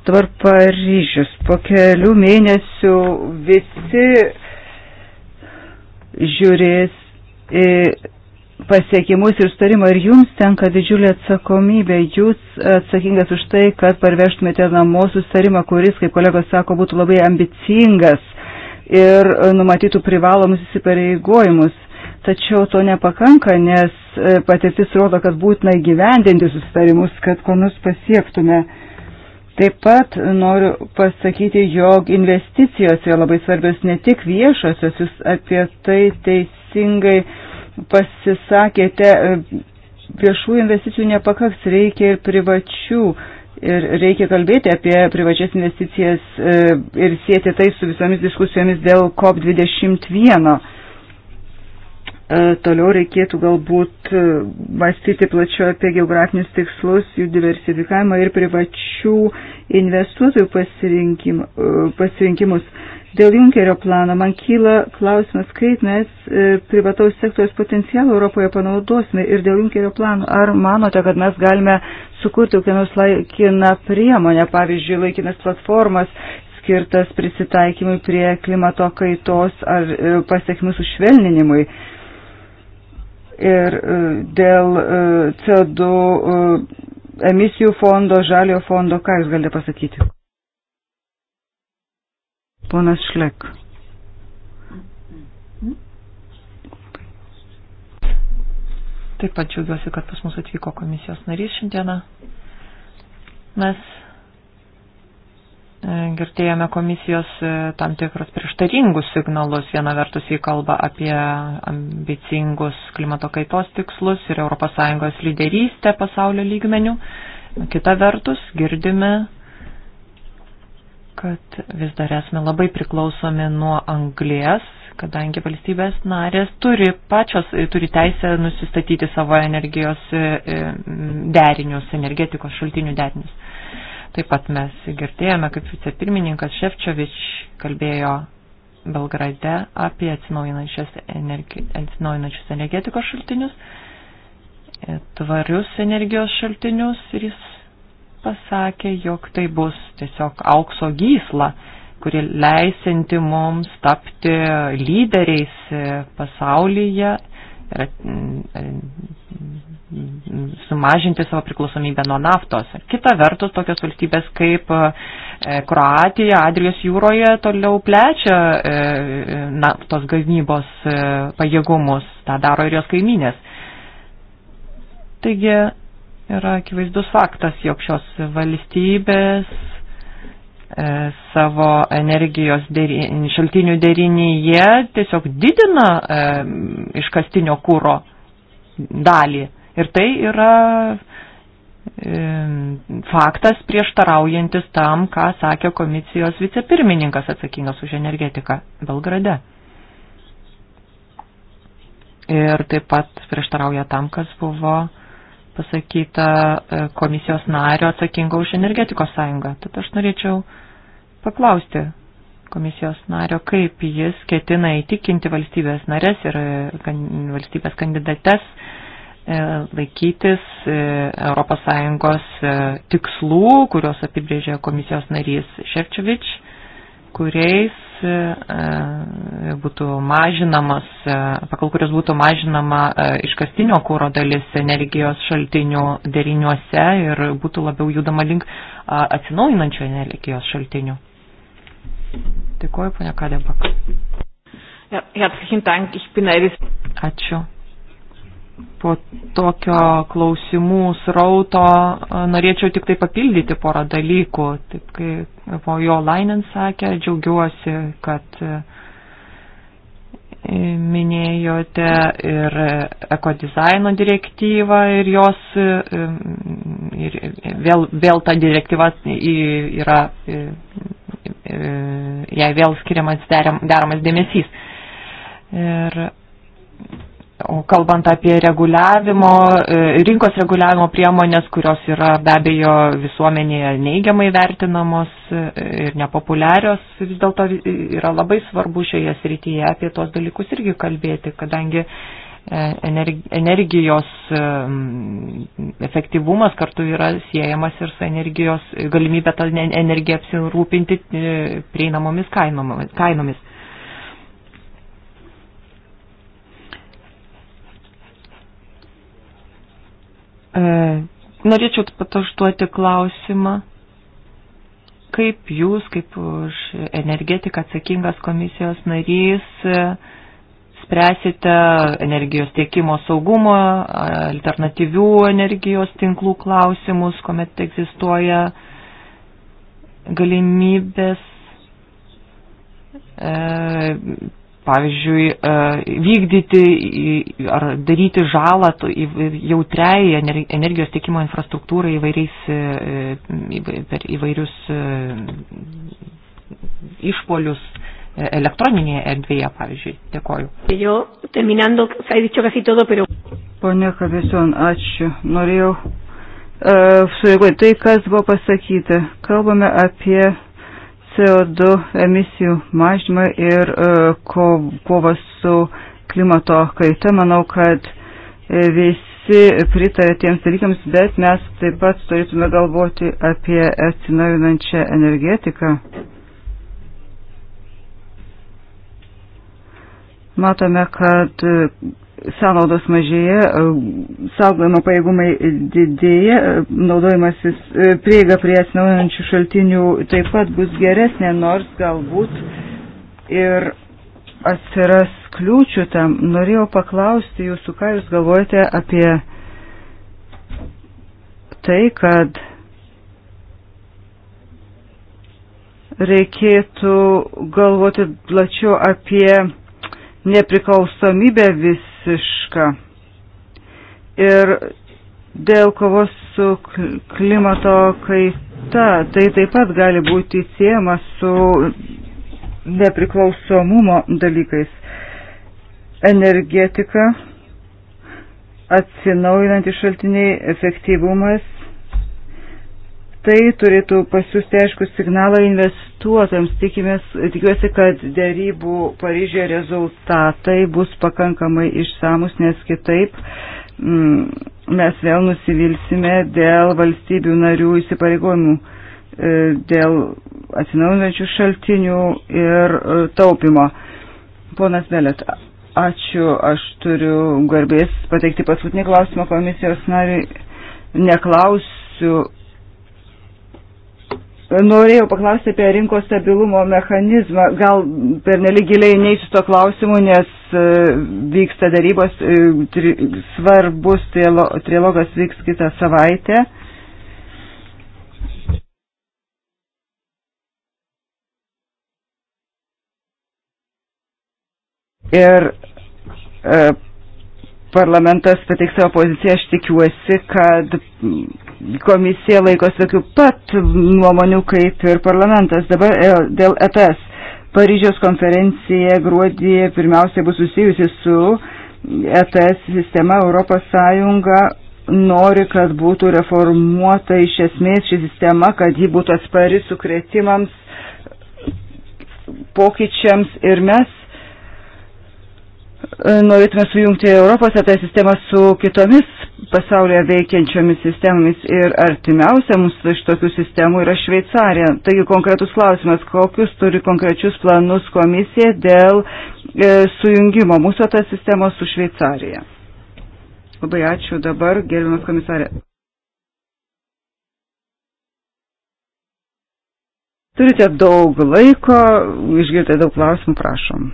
Dabar Paryžius. Po kelių mėnesių visi žiūrės į pasiekimus ir starimą ir jums tenka didžiulė atsakomybė. Jūs atsakingas už tai, kad parvežtumėte namo sustarimą, kuris, kaip kolegos sako, būtų labai ambicingas ir numatytų privalomus įsipareigojimus. Tačiau to nepakanka, nes patirtis rodo, kad būtina įgyvendinti sustarimus, kad ko nors pasiektume. Taip pat noriu pasakyti, jog investicijos yra labai svarbios ne tik viešosios, jūs apie tai teisingai pasisakėte, viešų investicijų nepakaks, reikia ir privačių. Ir reikia kalbėti apie privačias investicijas e, ir sėti tai su visomis diskusijomis dėl COP21. E, toliau reikėtų galbūt e, mąstyti plačiau apie geografinius tikslus, jų diversifikavimą ir privačių investuotojų pasirinkim, e, pasirinkimus. Dėl Junkerio plano man kyla klausimas, kaip mes privataus sektoriaus potencialą Europoje panaudosime ir dėl Junkerio plano. Ar manote, kad mes galime sukurti kokią nors laikiną priemonę, pavyzdžiui, laikinas platformas, skirtas prisitaikymui prie klimato kaitos ar pasiekmių sušvelninimui? ir e, dėl e, CO2 e, emisijų fondo, žalio fondo, ką jūs galite pasakyti? Ponas Šlek. Taip pat džiaugiuosi, kad pas mus atvyko komisijos narys šiandieną. Mes girdėjome komisijos e, tam tikrus prieštaringus signalus. Viena vertus jį kalba apie ambicingus klimato kaitos tikslus ir ES lyderystę pasaulio lygmenių. Kita vertus girdime, kad vis dar esame labai priklausomi nuo anglės, kadangi valstybės narės turi pačios, e, turi teisę nusistatyti savo energijos e, derinius, energetikos šaltinių derinius. Taip pat mes girdėjome, kaip vicepirmininkas Ševčiovič kalbėjo Belgrade apie atsinaujinančius energetikos šaltinius, tvarius energijos šaltinius ir jis pasakė, jog tai bus tiesiog aukso gysla, kuri leisinti mums tapti lyderiais pasaulyje E, sumažinti savo priklausomybę nuo naftos. Kita vertus, tokios valstybės kaip e, Kroatija, Adrijos jūroje toliau plečia e, naftos gavybos pajėgumus, tą daro ir jos kaiminės. Taigi yra akivaizdus faktas, jog šios valstybės E, savo energijos dėrin, šaltinių derinyje tiesiog didina e, iškastinio kūro dalį. Ir tai yra e, faktas prieštaraujantis tam, ką sakė komisijos vicepirmininkas atsakingas už energetiką Belgrade. Ir taip pat prieštarauja tam, kas buvo pasakyta e, komisijos nario atsakingo už energetikos sąjungą. Tad aš norėčiau paklausti komisijos nario, kaip jis ketina įtikinti valstybės narės ir e, valstybės kandidates e, laikytis ES e, tikslų, kuriuos apibrėžė komisijos narys Ševčevič, kuriais būtų mažinamas, pakal kurios būtų mažinama iškastinio kūro dalis energijos šaltinių deriniuose ir būtų labiau judama link atsinaujinančių energijos šaltinių. Dėkuoju, ponia Kadebak. Ačiū. Po tokio klausimų srauto norėčiau tik tai papildyti porą dalykų. Taip kaip po jo Lainin sakė, džiaugiuosi, kad minėjote ir ekodizaino direktyvą ir jos, ir vėl, vėl ta direktyva yra E, jai vėl skiriamas deramas dėmesys. Ir, o kalbant apie reguliavimo, e, rinkos reguliavimo priemonės, kurios yra be abejo visuomenėje neigiamai vertinamos e, ir nepopuliarios, vis dėlto yra labai svarbu šioje srityje apie tos dalykus irgi kalbėti, kadangi uh, E, energijos e, efektyvumas kartu yra siejamas ir su energijos galimybė tą energiją apsirūpinti e, prieinamomis kainomis. Norėčiau pataštuoti klausimą, kaip jūs, kaip už energetiką atsakingas komisijos narys, spręsite energijos tiekimo saugumo, alternatyvių energijos tinklų klausimus, kuomet egzistuoja galimybės, e, pavyzdžiui, e, vykdyti ar daryti žalą jautriai energijos tiekimo infrastruktūrai įvairiais, e, e per įvairius e, išpolius. E, elektroninėje erdvėje, pavyzdžiui. Dėkoju. Pone Kabison, ačiū. Norėjau uh, sureaguoti tai, kas buvo pasakyta. Kalbame apie CO2 emisijų mažymą ir uh, kovą su klimato kaita. Manau, kad e, visi pritarė tiems dalykams, bet mes taip pat turėtume galvoti apie atsinaujinančią energetiką. Matome, kad e, sąnaudos mažėja, e, saugojimo pajėgumai didėja, e, naudojimasis prieiga prie atsinaujinančių šaltinių taip pat bus geresnė, nors galbūt ir atsiras kliūčių tam. Norėjau paklausti jūsų, ką jūs galvojate apie tai, kad reikėtų galvoti plačiau apie nepriklausomybė visiška. Ir dėl kovos su klimato kaita tai taip pat gali būti siejama su nepriklausomumo dalykais. Energetika, atsinaujinantys šaltiniai, efektyvumas, Tai turėtų pasiūsti aišku signalą investuotojams. Tikimės, tikiuosi, kad dėrybų Paryžėje rezultatai bus pakankamai išsamus, nes kitaip mm, mes vėl nusivilsime dėl valstybių narių įsipareigojimų, e, dėl atsinaujinančių šaltinių ir e, taupimo. Ponas Belet, ačiū, aš turiu garbės pateikti paskutinį klausimą komisijos nariui. Neklausiu Norėjau paklausti apie rinkos stabilumo mechanizmą. Gal per neligiliai neįsiu to klausimu, nes e, vyksta darybos, e, svarbus trilogas vyks kitą savaitę. Ir e, parlamentas pateiks savo poziciją, aš tikiuosi, kad komisija laikosi tokių pat nuomonių kaip ir parlamentas. Dabar e, dėl ETS. Paryžiaus konferencija gruodį pirmiausia bus susijusi su ETS sistema Europos Sąjunga nori, kad būtų reformuota iš esmės ši sistema, kad ji būtų atspari sukretimams, pokyčiams ir mes E, norėtume sujungti Europos ETS sistemą su kitomis pasaulyje veikiančiomis sistemomis ir artimiausia mūsų iš tokių sistemų yra Šveicarija. Taigi konkretus klausimas, kokius turi konkrečius planus komisija dėl e, sujungimo mūsų ETS sistemos su Šveicarija. Labai ačiū dabar, gerbiamas komisarė. Turite daug laiko, išgirdote daug klausimų, prašom.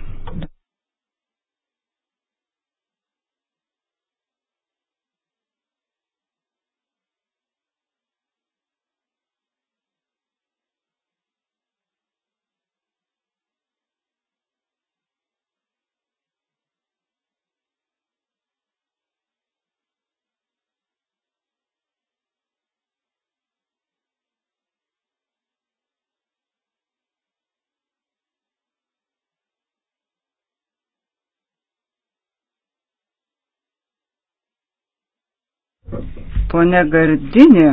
Pone Gardinė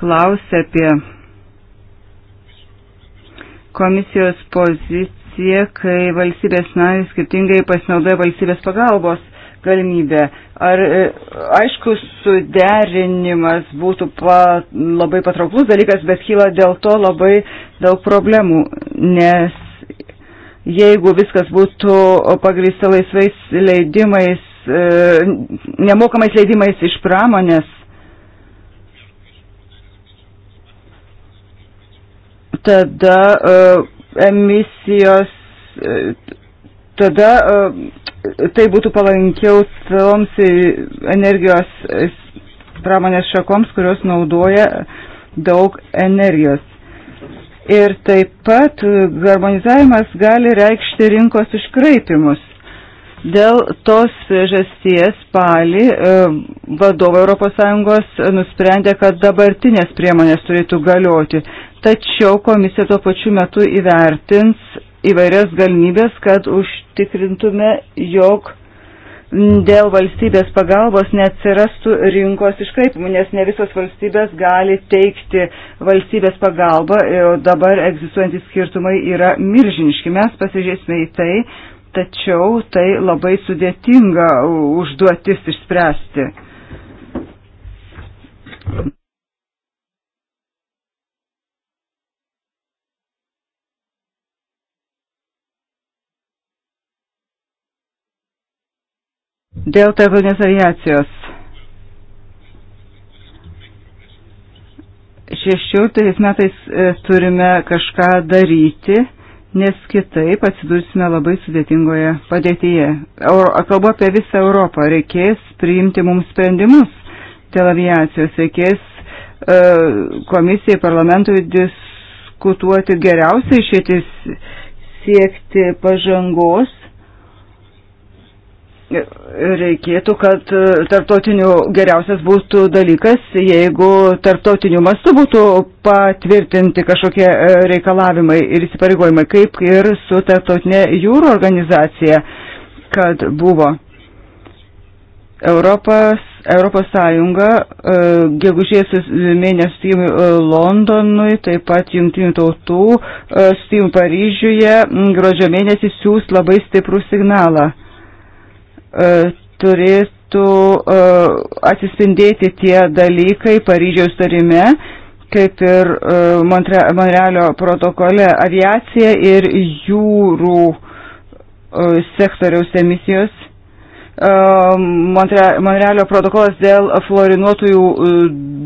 klausė apie komisijos poziciją, kai valstybės narys skirtingai pasinaudoja valstybės pagalbos galimybę. Ar e, aišku, suderinimas būtų pa, labai patrauklus dalykas, bet kyla dėl to labai daug problemų, nes jeigu viskas būtų pagrįsta laisvais leidimais E, nemokamais leidimais iš pramonės. Tada e, emisijos, e, tada tai būtų palankiau toms energijos pramonės šakoms, kurios naudoja daug energijos. Ir taip pat harmonizavimas gali reikšti rinkos iškraipimus. Dėl tos priežasties spalį e, vadovai ES nusprendė, kad dabartinės priemonės turėtų galioti, tačiau komisija tuo pačiu metu įvertins įvairias galimybės, kad užtikrintume, jog dėl valstybės pagalbos neatsirastų rinkos iškraipimų, nes ne visos valstybės gali teikti valstybės pagalbą, e, o dabar egzistuojantys skirtumai yra miržiniški. Mes pasižiūrėsime į tai, tačiau tai labai sudėtinga užduotis išspręsti. Dėl tarptautinės aviacijos 16 metais e, turime kažką daryti nes kitaip atsidursime labai sudėtingoje padėtyje. Euro, kalbu apie visą Europą, reikės priimti mums sprendimus dėl aviacijos, reikės uh, komisijai, parlamentui diskutuoti geriausiai išėtis siekti pažangos reikėtų, kad e, tarptautinių geriausias būtų dalykas, jeigu tarptautinių mastų būtų patvirtinti kažkokie e, reikalavimai ir įsipareigojimai, kaip ir su tarptautinė jūro organizacija, kad buvo Europos, Europos Sąjunga, e, gegužės mėnesio sustikimai Londonui, taip pat jungtinių tautų sustikimai Paryžiuje, gruodžio mėnesį siūs labai stiprų signalą E, turėtų e, atsispindėti tie dalykai Paryžiaus tarime, kaip ir e, Montre Monrealio protokole aviacija ir jūrų sektoriaus emisijos. Montre Monrealio protokolas dėl florinuotųjų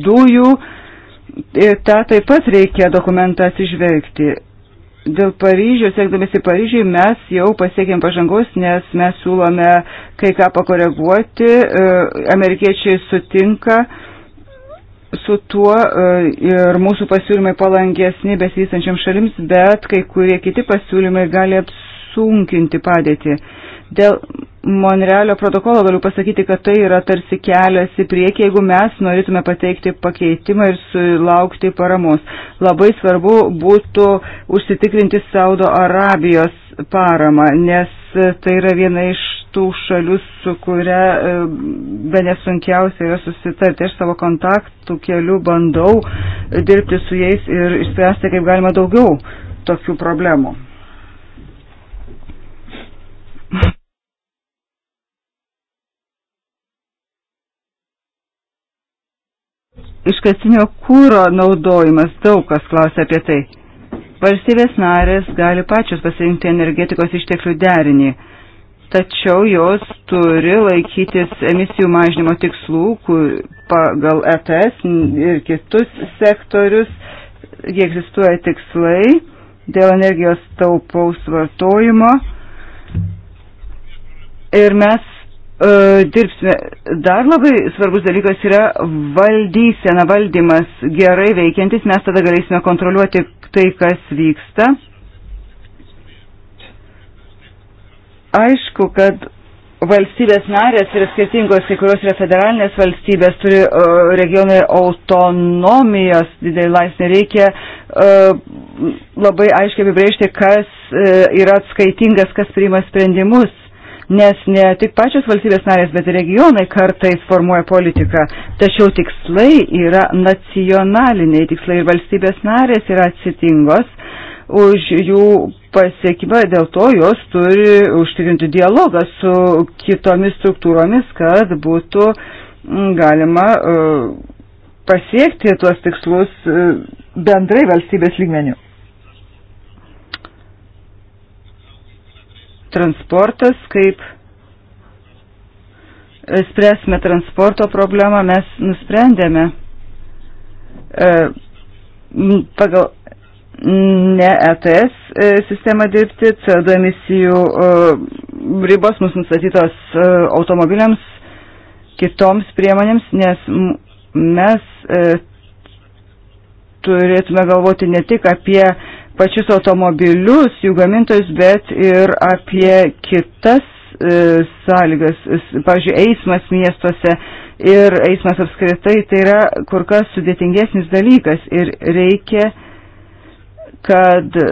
dujų. Ta taip pat reikia dokumentą atsižvelgti. Dėl Paryžiaus, siekdamėsi Paryžiai, mes jau pasiekėm pažangos, nes mes siūlome kai ką pakoreguoti. E, amerikiečiai sutinka su tuo e, ir mūsų pasiūlymai palankesni besivystančiam šalims, bet kai kurie kiti pasiūlymai gali apsunkinti padėtį. Dėl Monrealio protokolo galiu pasakyti, kad tai yra tarsi kelias į priekį, jeigu mes norėtume pateikti pakeitimą ir sulaukti paramos. Labai svarbu būtų užsitikrinti Saudo Arabijos paramą, nes tai yra viena iš tų šalių, su kuria e, be nesunkiausia yra susitarti. Aš savo kontaktų keliu bandau dirbti su jais ir išspręsti kaip galima daugiau tokių problemų. Iškastinio kūro naudojimas, daug kas klausia apie tai. Valstybės narės gali pačios pasirinkti energetikos išteklių derinį, tačiau jos turi laikytis emisijų mažinimo tikslų kur, pagal ETS ir kitus sektorius, jie egzistuoja tikslai dėl energijos taupaus vartojimo. Ir mes E, dirbsime. Dar labai svarbus dalykas yra valdysena, valdymas gerai veikiantis, mes tada galėsime kontroliuoti tai, kas vyksta. Aišku, kad valstybės narės yra skirtingos, kai kurios yra federalinės valstybės, turi uh, regionai autonomijos didelį laisvę, reikia uh, labai aiškiai apibrėžti, kas uh, yra atskaitingas, kas priima sprendimus nes ne tik pačios valstybės narės, bet ir regionai kartais formuoja politiką. Tačiau tikslai yra nacionaliniai tikslai ir valstybės narės yra atsitingos už jų pasiekimą, dėl to jos turi užtikrinti dialogą su kitomis struktūromis, kad būtų mm, galima e, pasiekti tuos tikslus e, bendrai valstybės lygmenių. transportas, kaip spręsime transporto problemą, mes nusprendėme e, pagal ne ETS e, sistemą dirbti, CO2 emisijų e, ribos mus nustatytos e, automobiliams, kitoms priemonėms, nes mes e, turėtume galvoti ne tik apie pačius automobilius, jų gamintojus, bet ir apie kitas e, sąlygas, pavyzdžiui, eismas miestuose ir eismas apskritai, tai yra kur kas sudėtingesnis dalykas ir reikia, kad e,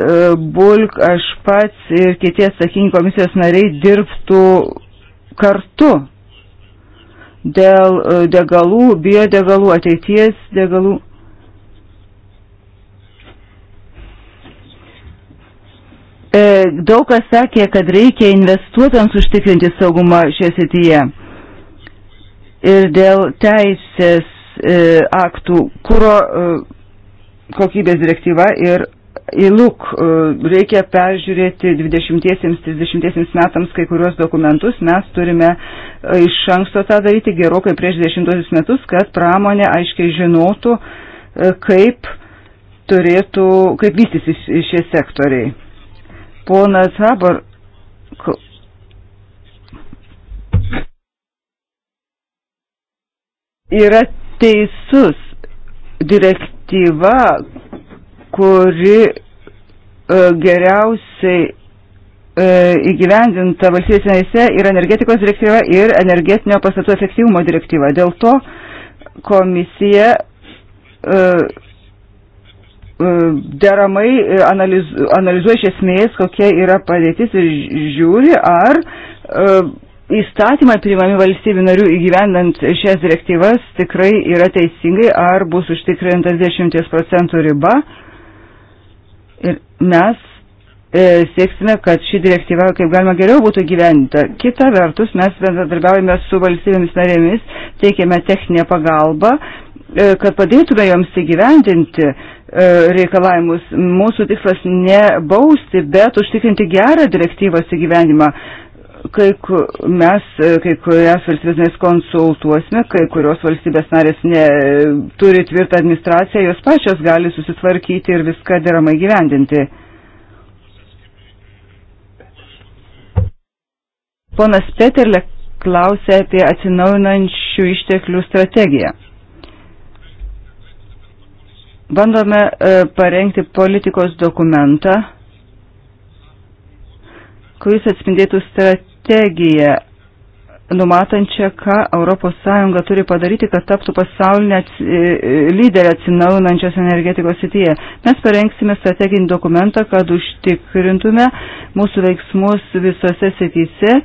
Bulk, aš pats ir kiti atsakingi komisijos nariai dirbtų kartu dėl e, degalų, biodegalų, ateities degalų E, daug kas sakė, kad reikia investuotams užtikrinti saugumą šioje srityje. Ir dėl teisės e, aktų, kuro e, kokybės direktyva ir įluk e, reikia peržiūrėti 20-30 metams kai kuriuos dokumentus. Mes turime e, iš anksto tą daryti gerokai prieš 10 metus, kad pramonė aiškiai žinotų, e, kaip turėtų, kaip vystysis šie sektoriai. Ponas Habar. Yra teisus direktyva, kuri e, geriausiai e, įgyvendinta valstybės naise yra energetikos direktyva ir energetinio pastatų efektyvumo direktyva. Dėl to komisija uh, deramai e, analiz, analizuoja iš esmės, kokia yra padėtis ir žiūri, ar e, įstatymai priimami valstybių narių įgyvendant šias direktyvas tikrai yra teisingai, ar bus užtikrintas 10 procentų riba. Ir mes e, sieksime, kad ši direktyva kaip galima geriau būtų gyventa. Kita vertus, mes bendradarbiaujame su valstybėmis narėmis, teikiame techninę pagalbą, e, kad padėtume joms įgyvendinti E, reikalavimus. Mūsų tikslas ne bausti, bet užtikrinti gerą direktyvos įgyvenimą. Kai mes, e, kai kurias valstybės mes konsultuosime, kai kurios valstybės narės ne, turi tvirtą administraciją, jos pačios gali susitvarkyti ir viską deramai gyvendinti. Ponas Peterle klausė apie atsinaujinančių išteklių strategiją. Bandome e, parengti politikos dokumentą, kuris atspindėtų strategiją numatančią, ką ES turi padaryti, kad taptų pasaulinė e, lyderė atsinaujinančios energetikos sityje. Mes parengsime strateginį dokumentą, kad užtikrintume mūsų veiksmus visose sityse,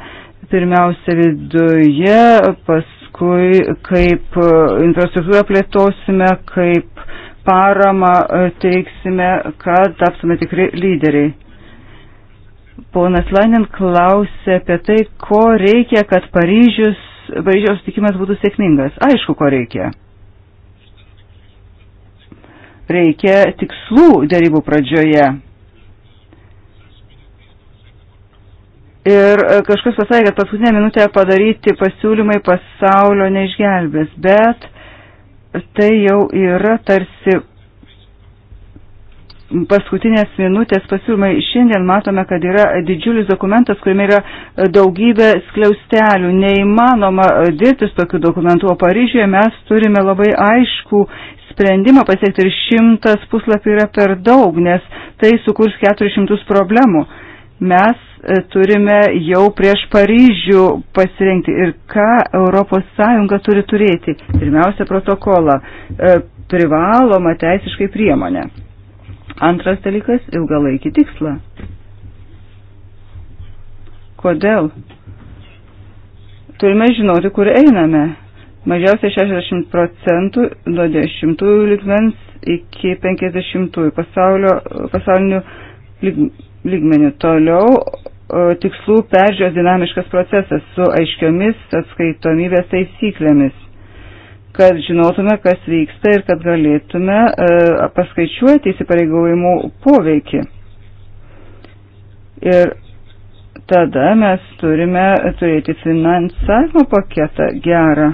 pirmiausia viduje, paskui kaip e, infrastruktūrą plėtosime, kaip paramą e, teiksime, kad tapsime tikri lyderiai. Ponas Lainin klausė apie tai, ko reikia, kad Paryžius, Paryžiaus tikimas būtų sėkmingas. Aišku, ko reikia. Reikia tikslų dėrybų pradžioje. Ir e, kažkas pasakė, kad paskutinę minutę padaryti pasiūlymai pasaulio neišgelbės, bet tai jau yra tarsi paskutinės minutės pasiūlymai. Šiandien matome, kad yra didžiulis dokumentas, kuriame yra daugybė skliaustelių. Neįmanoma dirbti su tokiu dokumentu, o Paryžiuje mes turime labai aišku sprendimą pasiekti ir šimtas puslapį yra per daug, nes tai sukurs 400 problemų mes e, turime jau prieš Paryžių pasirinkti ir ką ES turi turėti. Pirmiausia, protokolą, e, privaloma teisiškai priemonė. Antras dalykas - ilgalaikį tikslą. Kodėl? Turime žinoti, kur einame. Mažiausiai 60 procentų nuo 10 ligmens iki 50 pasaulio, pasaulinių lygmens lygmenių. Toliau tikslų peržiūros dinamiškas procesas su aiškiomis atskaitomybės taisyklėmis, kad žinotume, kas vyksta ir kad galėtume e, paskaičiuoti įsipareigojimų poveikį. Ir tada mes turime turėti finansavimo paketą gerą.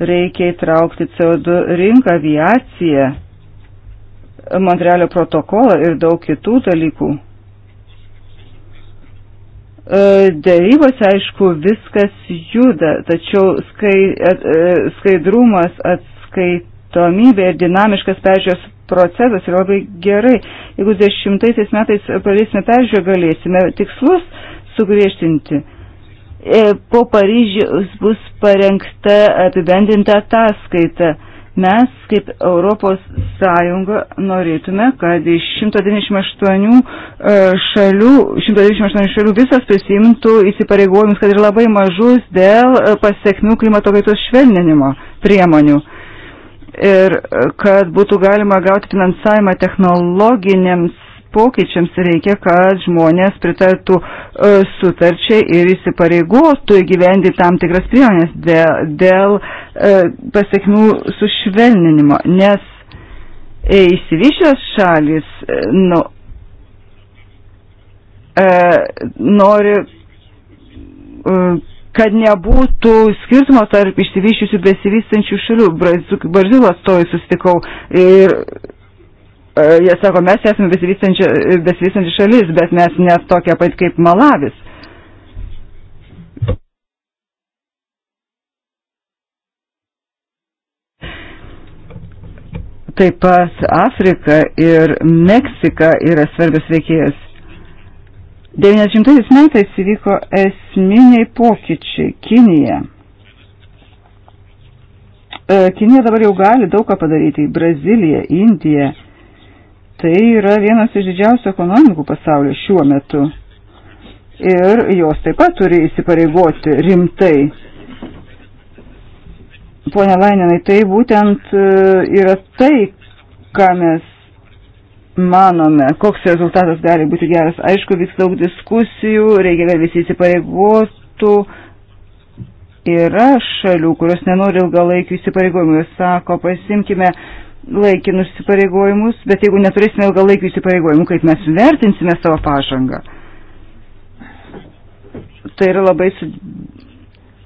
Reikia įtraukti CO2 rinką, aviaciją, Montrealio protokolą ir daug kitų dalykų E, Dėrybose, aišku, viskas juda, tačiau skai, e, e, skaidrumas, atskaitomybė ir dinamiškas peržiūros procesas yra labai gerai. Jeigu dešimtaisiais metais pradėsime peržiūrą, galėsime tikslus sugriežtinti. Po Paryžiaus bus parengta apibendrinta ataskaita Mes kaip Europos Sąjunga norėtume, kad iš 198 e, šalių, 198 šalių visas prisimtų įsipareigojimus, kad ir labai mažus dėl e, pasiekmių klimato kaitos švelninimo priemonių ir e, kad būtų galima gauti finansavimą technologinėms pokyčiams reikia, kad žmonės pritartų e, sutarčiai ir įsipareigotų įgyvendi tam tikras priemonės dėl, dėl e, pasiekmių sušvelninimo, nes įsivyšios e, šalis nu, nori kad nebūtų skirtumo tarp išsivyščiusių besivystančių šalių. Brazilo atstovai susitikau ir E, jie sako, mes esame besivystanti šalis, bet mes net tokia pat kaip Malavis. Taip pat Afrika ir Meksika yra svarbios veikėjas. 90 metais įvyko esminiai pokyčiai Kinija. E, Kinija dabar jau gali daug ką padaryti. Brazilija, Indija tai yra vienas iš didžiausių ekonomikų pasaulio šiuo metu. Ir jos taip pat turi įsipareigoti rimtai. Pone Laininai, tai būtent e, yra tai, ką mes manome, koks rezultatas gali būti geras. Aišku, vyks daug diskusijų, reikia, kad visi įsipareigotų. Yra šalių, kurios nenori ilgalaikių įsipareigojimų ir sako, pasimkime laikinus įsipareigojimus, bet jeigu neturėsime ilgalaikių įsipareigojimų, kaip mes vertinsime savo pažangą? Tai yra labai, su,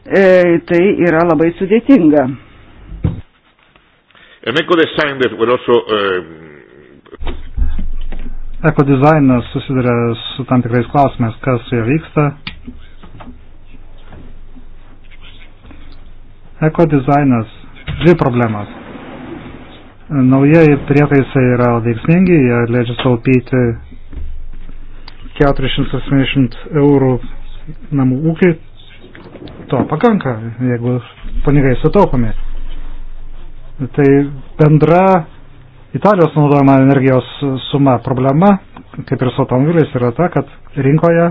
e, tai yra labai sudėtinga. Ekodizainas eh, susiduria su tam tikrais klausimais, kas su juo vyksta, ekodizainas, dvi problemas. Naujieji prietaisai yra veiksmingi, jie leidžia taupyti 470 eurų namų ūkiai. To pakanka, jeigu pinigai sutaupomi. Tai bendra Italijos naudojama energijos suma problema, kaip ir su automobiliais, yra ta, kad rinkoje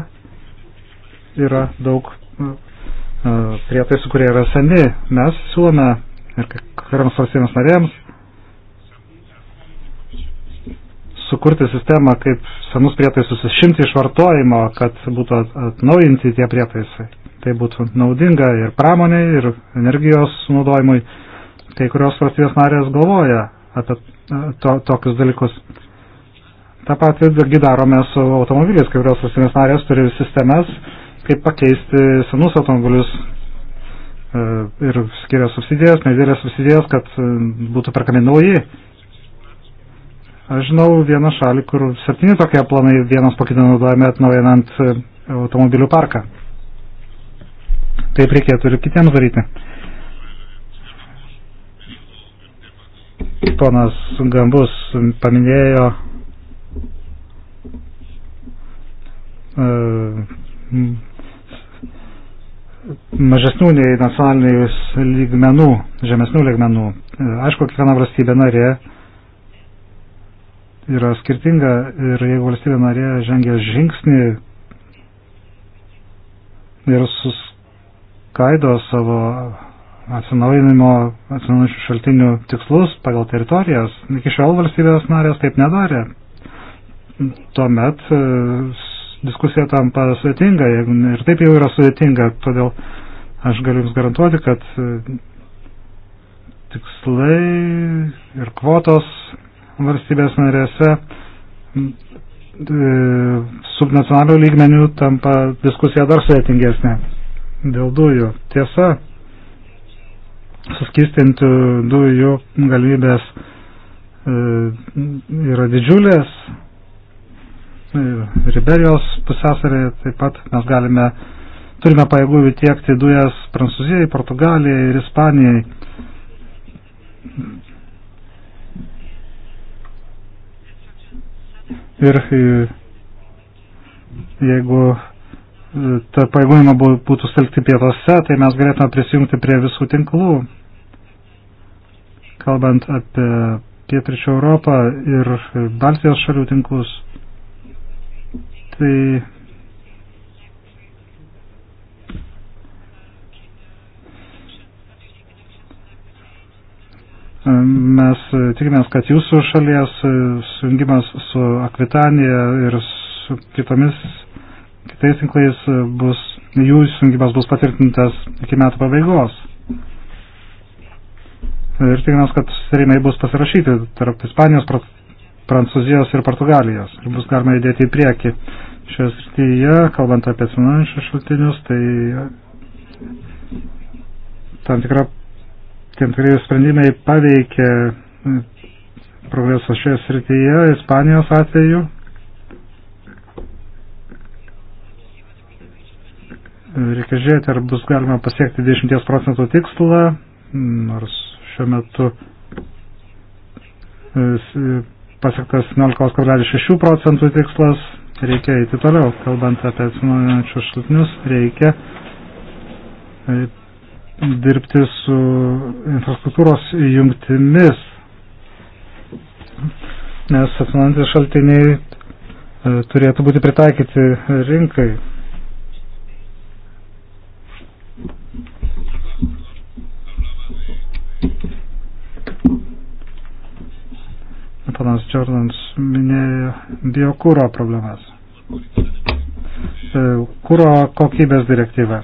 yra daug e, prietaisų, kurie yra seni. Mes siūlome ir kuriams valstybėms narėms sukurti sistemą, kaip senus prietaisus išimti iš vartojimo, kad būtų atnaujinti tie prietaisai. Tai būtų naudinga ir pramoniai, ir energijos naudojimui. Kai kurios valstybės narės galvoja apie e, to, tokius dalykus. Ta pati irgi darome su automobiliais, kai kurios valstybės narės turi sistemas, kaip pakeisti senus automobilius e, ir skiria subsidijas, nedėlės subsidijas, kad e, būtų perkami nauji Aš žinau vieną šalį, kur septyni tokie planai vienas po kito naudojame atnaujinant e, automobilių parką. Taip reikėtų ir kitiems daryti. Ponas Gambus paminėjo e, mažesnių nei nacionaliniais lygmenų, žemesnių lygmenų. E, aišku, kiekviena valstybė narė yra skirtinga ir jeigu valstybė narė žengia žingsnį ir suskaido savo atsinaujinimo, atsinaujinančių šaltinių tikslus pagal teritorijas, iki šiol valstybės narės taip nedarė. Tuomet e, diskusija tampa sudėtinga ir taip jau yra sudėtinga, todėl aš galiu Jums garantuoti, kad e, tikslai ir kvotos valstybės narėse e, subnacionalių lygmenių tampa diskusija dar sudėtingesnė dėl dujų. Tiesa, suskistintų dujų galimybės e, yra didžiulės. E, Riberijos pusėsarėje taip pat mes galime, turime pajėgų tiekti dujas Prancūzijai, Portugalijai ir Ispanijai Ir e, jeigu e, ta pajėgumai būtų stelkti pietuose, tai mes galėtume prisijungti prie visų tinklų. Kalbant apie pietričio Europą ir Baltijos šalių tinklus, tai Mes e, tikimės, kad jūsų šalies e, sujungimas su Akvitanija ir su kitomis, kitais tinklais e, bus, jų sujungimas bus patvirtintas iki metų pabaigos. Ir tikimės, kad susitarimai bus pasirašyti tarp Ispanijos, Prancūzijos ir Portugalijos. Ir bus galima judėti į priekį. Šioje srityje, kalbant apie atsinaujinančius šaltinius, tai tam tikra tam tikrai sprendimai paveikė progreso šioje srityje, Ispanijos atveju. Reikia žiūrėti, ar bus galima pasiekti 10 procentų tikslą, nors šiuo metu e, e, pasiektas 11,6 procentų tikslas, reikia eiti toliau, kalbant apie atsinaujinančius šaltinius, reikia e, dirbti su infrastruktūros jungtimis, nes atsinantis šaltiniai e, turėtų būti pritaikyti rinkai. Panas Jordans minėjo biokūro problemas. E, kūro kokybės direktyva.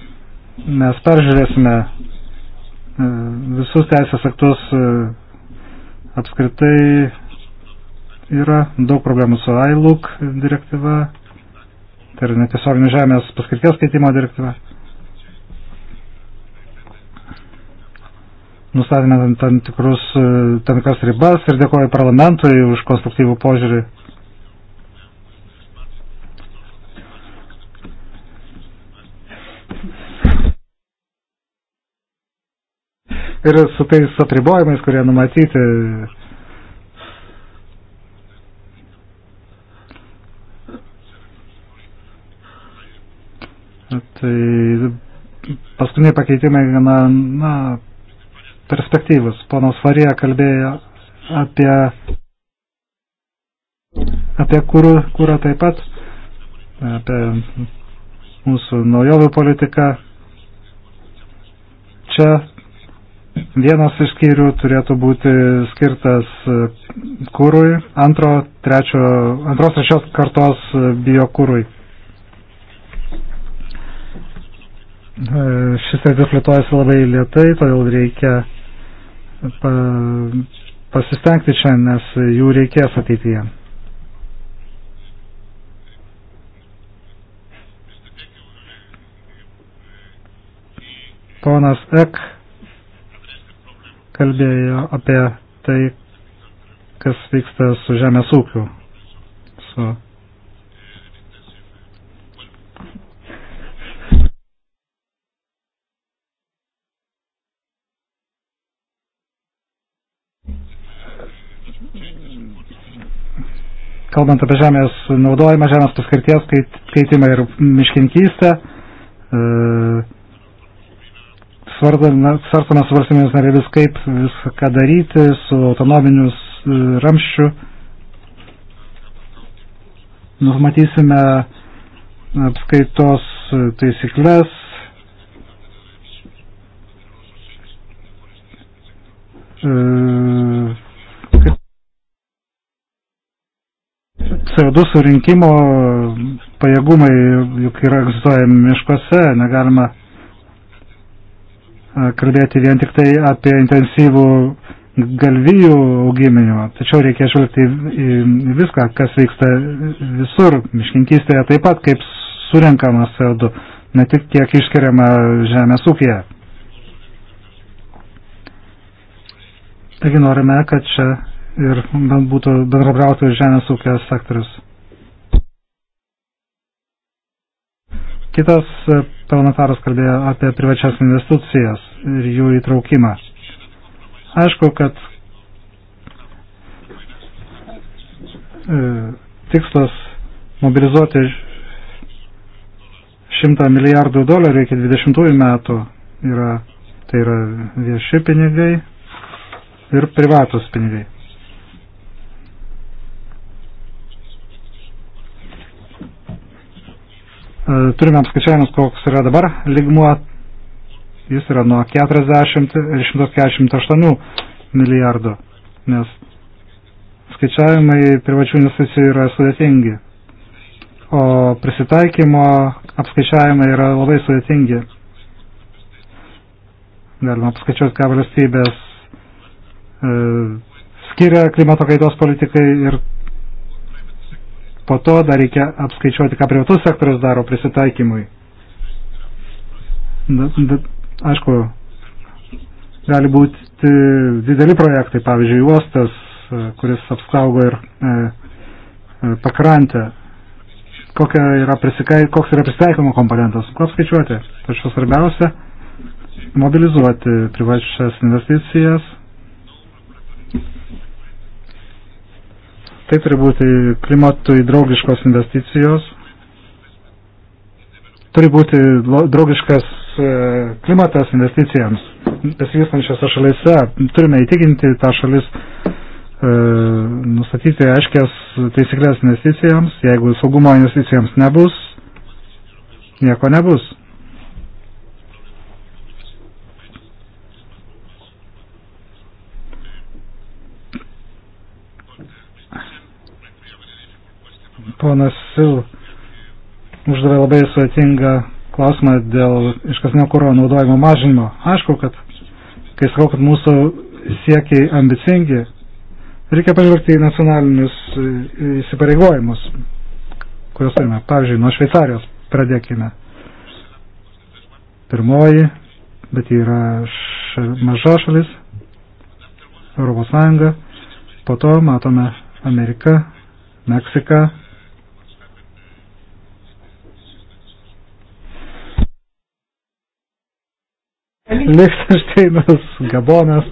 Mes peržiūrėsime E, visus teisės aktus e, apskritai yra daug problemų su ILUK direktyva, tai yra netiesioginio žemės paskirties keitimo direktyva. Nustatėme tam, tikrus, e, tam tikras ribas ir dėkoju parlamentui už konstruktyvų požiūrį ir su tais apribojimais, kurie numatyti. Tai paskutiniai pakeitimai gana, na, perspektyvus. Ponas Farija kalbėjo apie, apie kūrų, kūrą taip pat, apie mūsų naujovių politiką. Čia Vienas iš skyrių turėtų būti skirtas e, kūrui, antro, trečio, antros trečios kartos e, biokūrui. E, šis sritis plėtojasi labai lietai, todėl reikia pa, pasistengti čia, nes jų reikės ateityje. Ponas Ek kalbėjo apie tai, kas vyksta su žemės ūkiu. Su kalbant apie žemės naudojimą, žemės paskirties keitimą ir miškinkystę, e, svarstamas valstybės narėlis, kaip viską daryti su autonominius e, ramščiu. Numatysime apskaitos taisyklės. E, CO2 surinkimo pajėgumai juk yra egzistuoja miškuose, negalima kalbėti vien tik tai apie intensyvų galvijų augiminimą, tačiau reikia žvelgti į viską, kas vyksta visur, miškinkystėje taip pat, kaip surinkamas CO2, ne tik kiek išskiriama žemės ūkėje. Taigi norime, kad čia ir būtų bendrabrautų žemės ūkio sektorius. Kitas parlamentaras e, kalbėjo apie privačias investicijas ir jų įtraukimą. Aišku, kad e, tikslas mobilizuoti 100 milijardų dolerių iki 20 metų yra, tai yra vieši pinigai ir privatus pinigai. E, turime apskaičiavimus, koks yra dabar ligmuo, jis yra nuo 40 ir 148 milijardų, nes skaičiavimai privačių investicijų yra sudėtingi, o prisitaikymo apskaičiavimai yra labai sudėtingi. Galima apskaičiuoti, ką valstybės e, skiria klimato kaitos politikai ir Po to dar reikia apskaičiuoti, ką privatus sektorius daro prisitaikymui. Da, da, aišku, gali būti dideli projektai, pavyzdžiui, uostas, e, kuris apsaugo ir e, e pakrantę. Kokia yra prisikai, koks yra prisitaikymo komponentas, ko apskaičiuoti. Tačiau svarbiausia, mobilizuoti privačias investicijas, Tai turi būti klimatui draugiškos investicijos, turi būti draugiškas e, klimatas investicijams besivystančiose šalise. Turime įtikinti tą šalis e, nustatyti aiškias taisyklės investicijams, jeigu saugumo investicijams nebus, nieko nebus. ponas Sil uždavė labai suėtingą klausimą dėl iškasnio kūro naudojimo mažinimo. Aišku, kad kai sakau, kad mūsų siekiai ambicingi, reikia pažvelgti į nacionalinius įsipareigojimus, kuriuos turime. Pavyzdžiui, nuo Šveicarijos pradėkime. Pirmoji, bet yra šal, maža šalis, Europos Sąjunga, po to matome Amerika, Meksika, Lichtensteinas, Gabonas.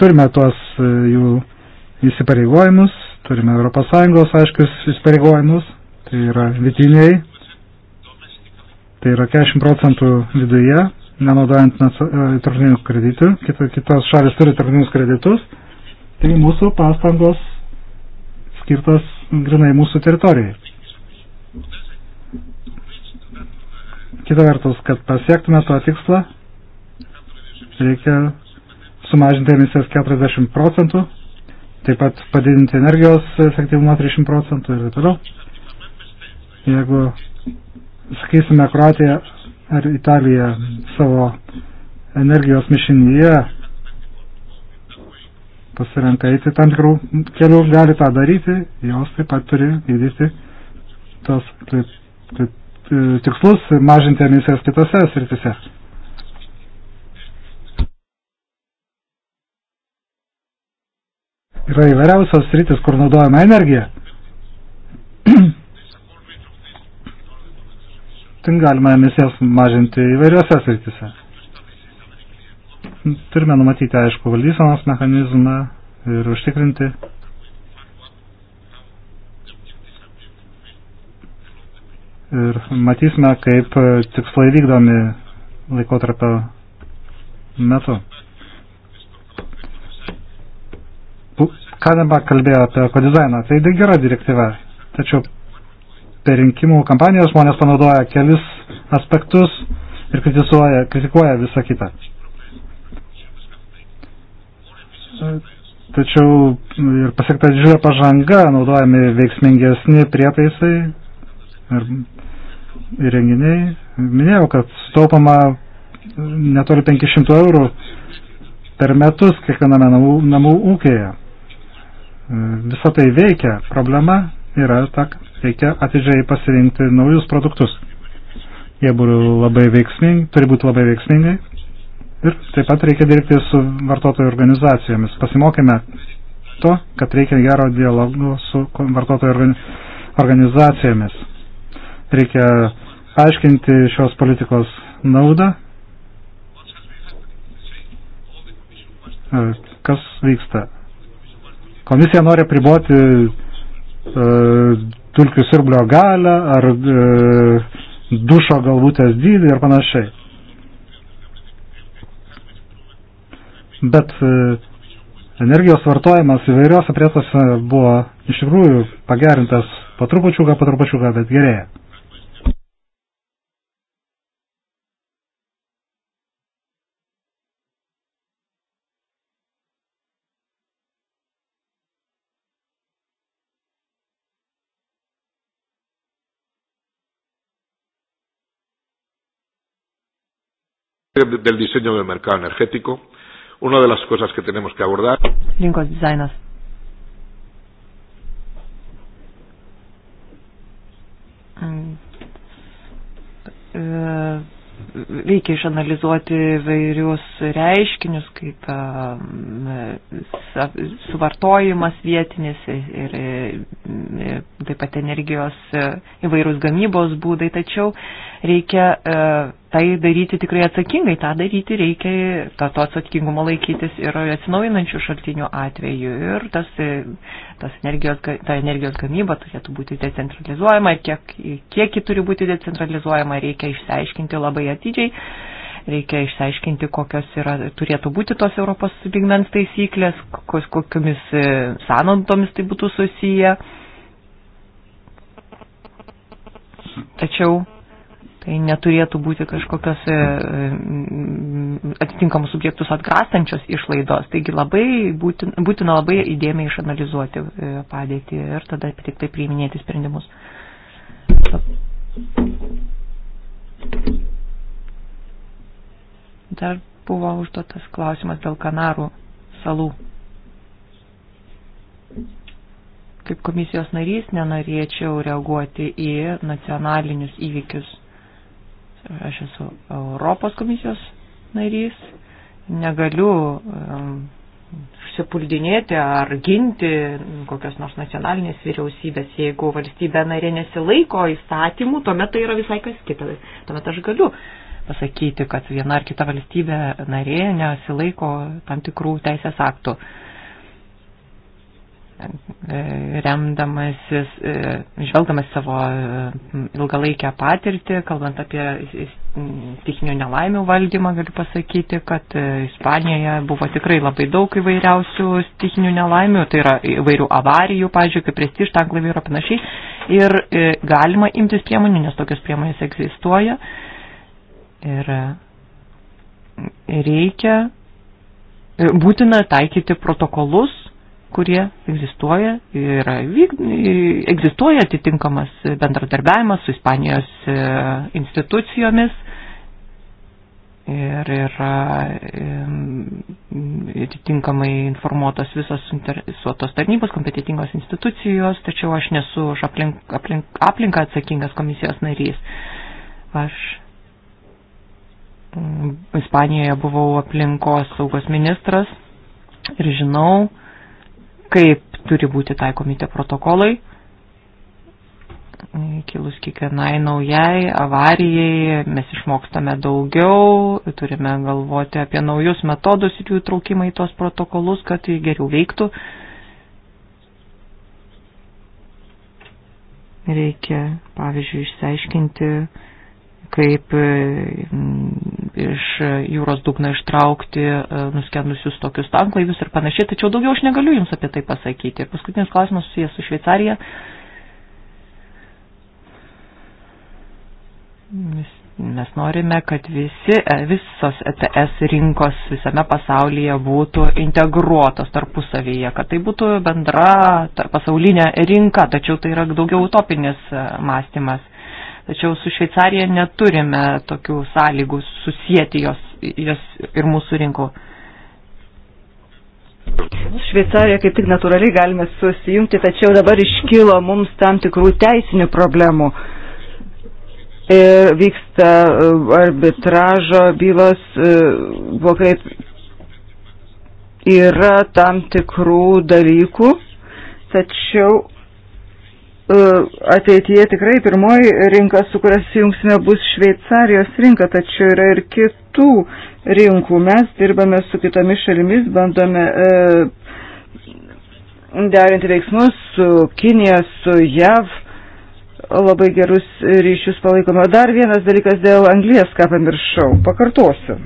Turime tuos e, jų įsipareigojimus, turime ES aiškius įsipareigojimus, tai yra vidiniai, tai yra 40 procentų viduje, nenaudojant e, tarptautinių kreditų, kitos šalis turi tarptautinius kreditus, tai mūsų pastangos skirtos grinai mūsų teritorijai. Kita vertus, kad pasiektume to tikslą, reikia sumažinti emisijas 40 procentų, taip pat padidinti energijos efektyvumą 30 procentų ir taip toliau. Jeigu, sakysime, Kroatija ar Italija savo energijos mišinyje pasirenka eiti tam tikrų kelių, gali tą daryti, jos taip pat turi vykdyti tos kaip, kaip E, tikslus mažinti emisijas kitose sritise. Yra įvairiausios sritis, kur naudojama energija. <clears throat> Ten galima emisijas mažinti įvairiose sritise. Turime numatyti, aišku, valdysenos mechanizmą ir užtikrinti ir matysime, kaip e, tikslai vykdomi laikotarpio metu. Kadamba kalbėjo apie kodizainą, tai gera direktyva, tačiau per rinkimų kampaniją žmonės panaudoja kelis aspektus ir kritikuoja visą kitą. E, tačiau ir pasiekta didžiulė pažanga, naudojami veiksmingesni prietaisai ir įrenginiai. Minėjau, kad taupama netoli 500 eurų per metus kiekviename namų, namų ūkėje. E, Visą tai veikia. Problema yra ta, reikia atidžiai pasirinkti naujus produktus. Jie būtų labai veiksmingi, turi būti labai veiksmingi. Ir taip pat reikia dirbti su vartotojų organizacijomis. Pasimokime to, kad reikia gero dialogo su vartotojų organizacijomis Reikia aiškinti šios politikos naudą. E, kas vyksta? Komisija nori priboti uh, e, tulkių sirblio galę ar uh, dušo galvutės dydį ir panašiai. Bet uh, energijos vartojimas įvairiuose prietose buvo iš tikrųjų pagerintas po trupučiuką, po trupučiuką, bet gerėja. del diseño del mercado energético. Una de las cosas que tenemos que abordar. Rinkos dizainas. Mm. Reikia išanalizuoti vairius reiškinius, kaip um, suvartojimas vietinis ir taip pat energijos įvairūs gamybos būdai, tačiau reikia uh, tai daryti tikrai atsakingai, tą daryti reikia, to, to atsakingumo laikytis ir atsinaujinančių šaltinių atveju. Ir tas, e, tas energijos, ta energijos gamyba turėtų būti decentralizuojama ir kiek, kiek ji turi būti decentralizuojama, reikia išsiaiškinti labai atidžiai. Reikia išsiaiškinti, kokios yra, turėtų būti tos Europos lygmens taisyklės, kokiamis e, sąnaudomis tai būtų susiję. Tačiau Tai neturėtų būti kažkokios e, atitinkamus subjektus atgrastančios išlaidos. Taigi labai būtina, būtina labai įdėmiai išanalizuoti e, padėtį ir tada tik tai priiminėti sprendimus. Dar buvo užduotas klausimas dėl Kanarų salų. Kaip komisijos narys nenorėčiau reaguoti į nacionalinius įvykius Aš esu Europos komisijos narys, negaliu užsipuldinėti ar ginti kokios nors nacionalinės vyriausybės. Jeigu valstybė narė nesilaiko įstatymų, tuomet tai yra visai kas kita. Tuomet aš galiu pasakyti, kad viena ar kita valstybė narė nesilaiko tam tikrų teisės aktų. Uh, E, remdamasis, e, žvelgdamas savo e, ilgalaikę patirtį, kalbant apie stichinių nelaimių valdymą, galiu pasakyti, kad Ispanijoje buvo tikrai labai daug įvairiausių stichinių nelaimių, tai yra įvairių avarijų, pavyzdžiui, kaip prestiž, tanklaivį ir panašiai. Ir galima imtis priemonių, nes tokios priemonės egzistuoja. Ir reikia būtina taikyti protokolus kurie egzistuoja, yra, vyk, egzistuoja atitinkamas bendradarbiavimas su Ispanijos e, institucijomis ir yra e, atitinkamai informuotos visos suinteresuotos tarnybos, kompetitingos institucijos, tačiau aš nesu už aplink, aplink, aplinką atsakingas komisijos narys. Aš mm, Ispanijoje buvau aplinkos saugos ministras ir žinau, kaip turi būti taikomi tie protokolai, kilus kiekvienai naujai avarijai, mes išmokstame daugiau, turime galvoti apie naujus metodus ir jų traukimą į tos protokolus, kad jie geriau veiktų. Reikia, pavyzdžiui, išsiaiškinti, kaip e, mm, iš jūros dugno ištraukti e, nuskendusius tokius tanklaivius ir panašiai, tačiau daugiau aš negaliu Jums apie tai pasakyti. Ir paskutinis klausimas susijęs su Šveicarija. Mes norime, kad visi, e, visos ETS rinkos visame pasaulyje būtų integruotos tarpusavyje, kad tai būtų bendra pasaulinė rinka, tačiau tai yra daugiau utopinis mąstymas Tačiau su Šveicarija neturime tokių sąlygų susijęti jos, jos ir mūsų rinkų. Šveicarija kaip tik natūraliai galime susijungti, tačiau dabar iškilo mums tam tikrų teisinių problemų. Ir vyksta e, arbitražo bylos, e, buvo kaip yra tam tikrų dalykų, tačiau E, ateityje tikrai pirmoji rinka, su kuria sujungsime, bus Šveicarijos rinka, tačiau yra ir kitų rinkų. Mes dirbame su kitomis šalimis, bandome e, derinti veiksmus su Kinija, su JAV, labai gerus ryšius palaikome. Dar vienas dalykas dėl anglijas, ką pamiršau, pakartosiu.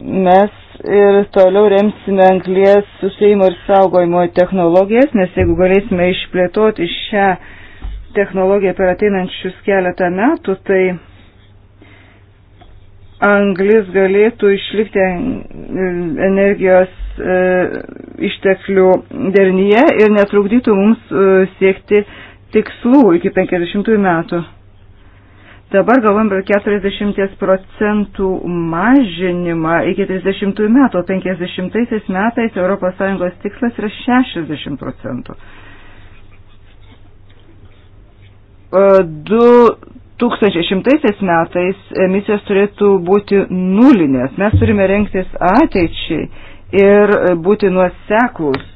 Mes ir toliau remsime anglės susėjimo ir saugojimo technologijas, nes jeigu galėsime išplėtoti šią technologiją per ateinančius keletą metų, tai anglis galėtų išlikti energijos e, išteklių dernyje ir netrukdytų mums e, siekti tikslų iki 50 metų. Dabar galvom apie 40 procentų mažinimą iki 30 metų, o 50 metais ES tikslas yra 60 procentų. 2100 e, metais emisijos turėtų būti nulinės. Mes turime rengtis ateičiai ir būti nuoseklus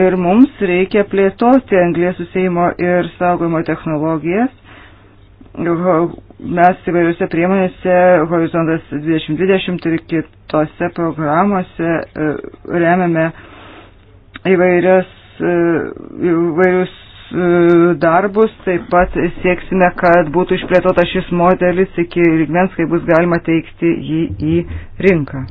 ir mums reikia plėtoti anglės susėjimo ir saugojimo technologijas mes įvairiose priemonėse Horizontas 2020 ir kitose programuose e, remiame įvairias, e, įvairius e, darbus, taip pat sieksime, kad būtų išplėtota šis modelis iki lygmens, kai bus galima teikti jį į rinką.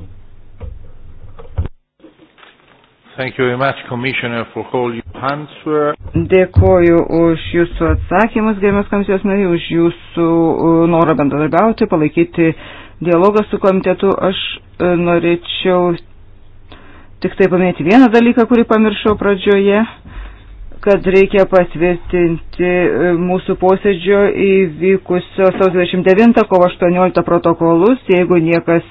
Thank you very much, Commissioner, for all your answer. Dėkoju už jūsų atsakymus, gerbiamas komisijos nariai, už jūsų uh, norą bendradarbiauti, palaikyti dialogą su komitetu. Aš uh, norėčiau tik tai paminėti vieną dalyką, kurį pamiršau pradžioje kad reikia patvirtinti uh, mūsų posėdžio įvykusio sausio 29 kovo 18 protokolus, jeigu niekas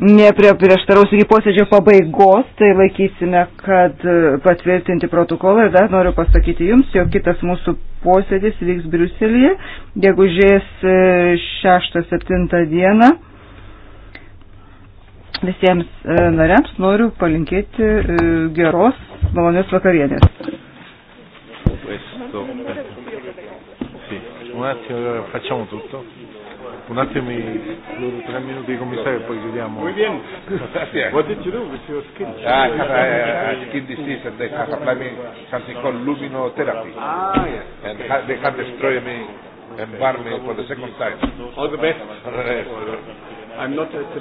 neprieštaraus iki posėdžio pabaigos, tai laikysime, kad e, patvirtinti protokolą ir dar noriu pasakyti Jums, jog kitas mūsų posėdis vyks Briuselėje, gegužės 6-7 e, dieną. Visiems e, nariams noriu palinkėti geros, malonios vakarienės. Sì, un attimo facciamo tutto. Un attimo, tre minuti commissario e poi chiudiamo. Muy bien, gracias. What did you do with your skin? Ah, I have a, a skin disease and they have applied me something called luminotherapy. Ah, yes. And ha, they have destroyed me and burned me for the second time. All the best. I'm not...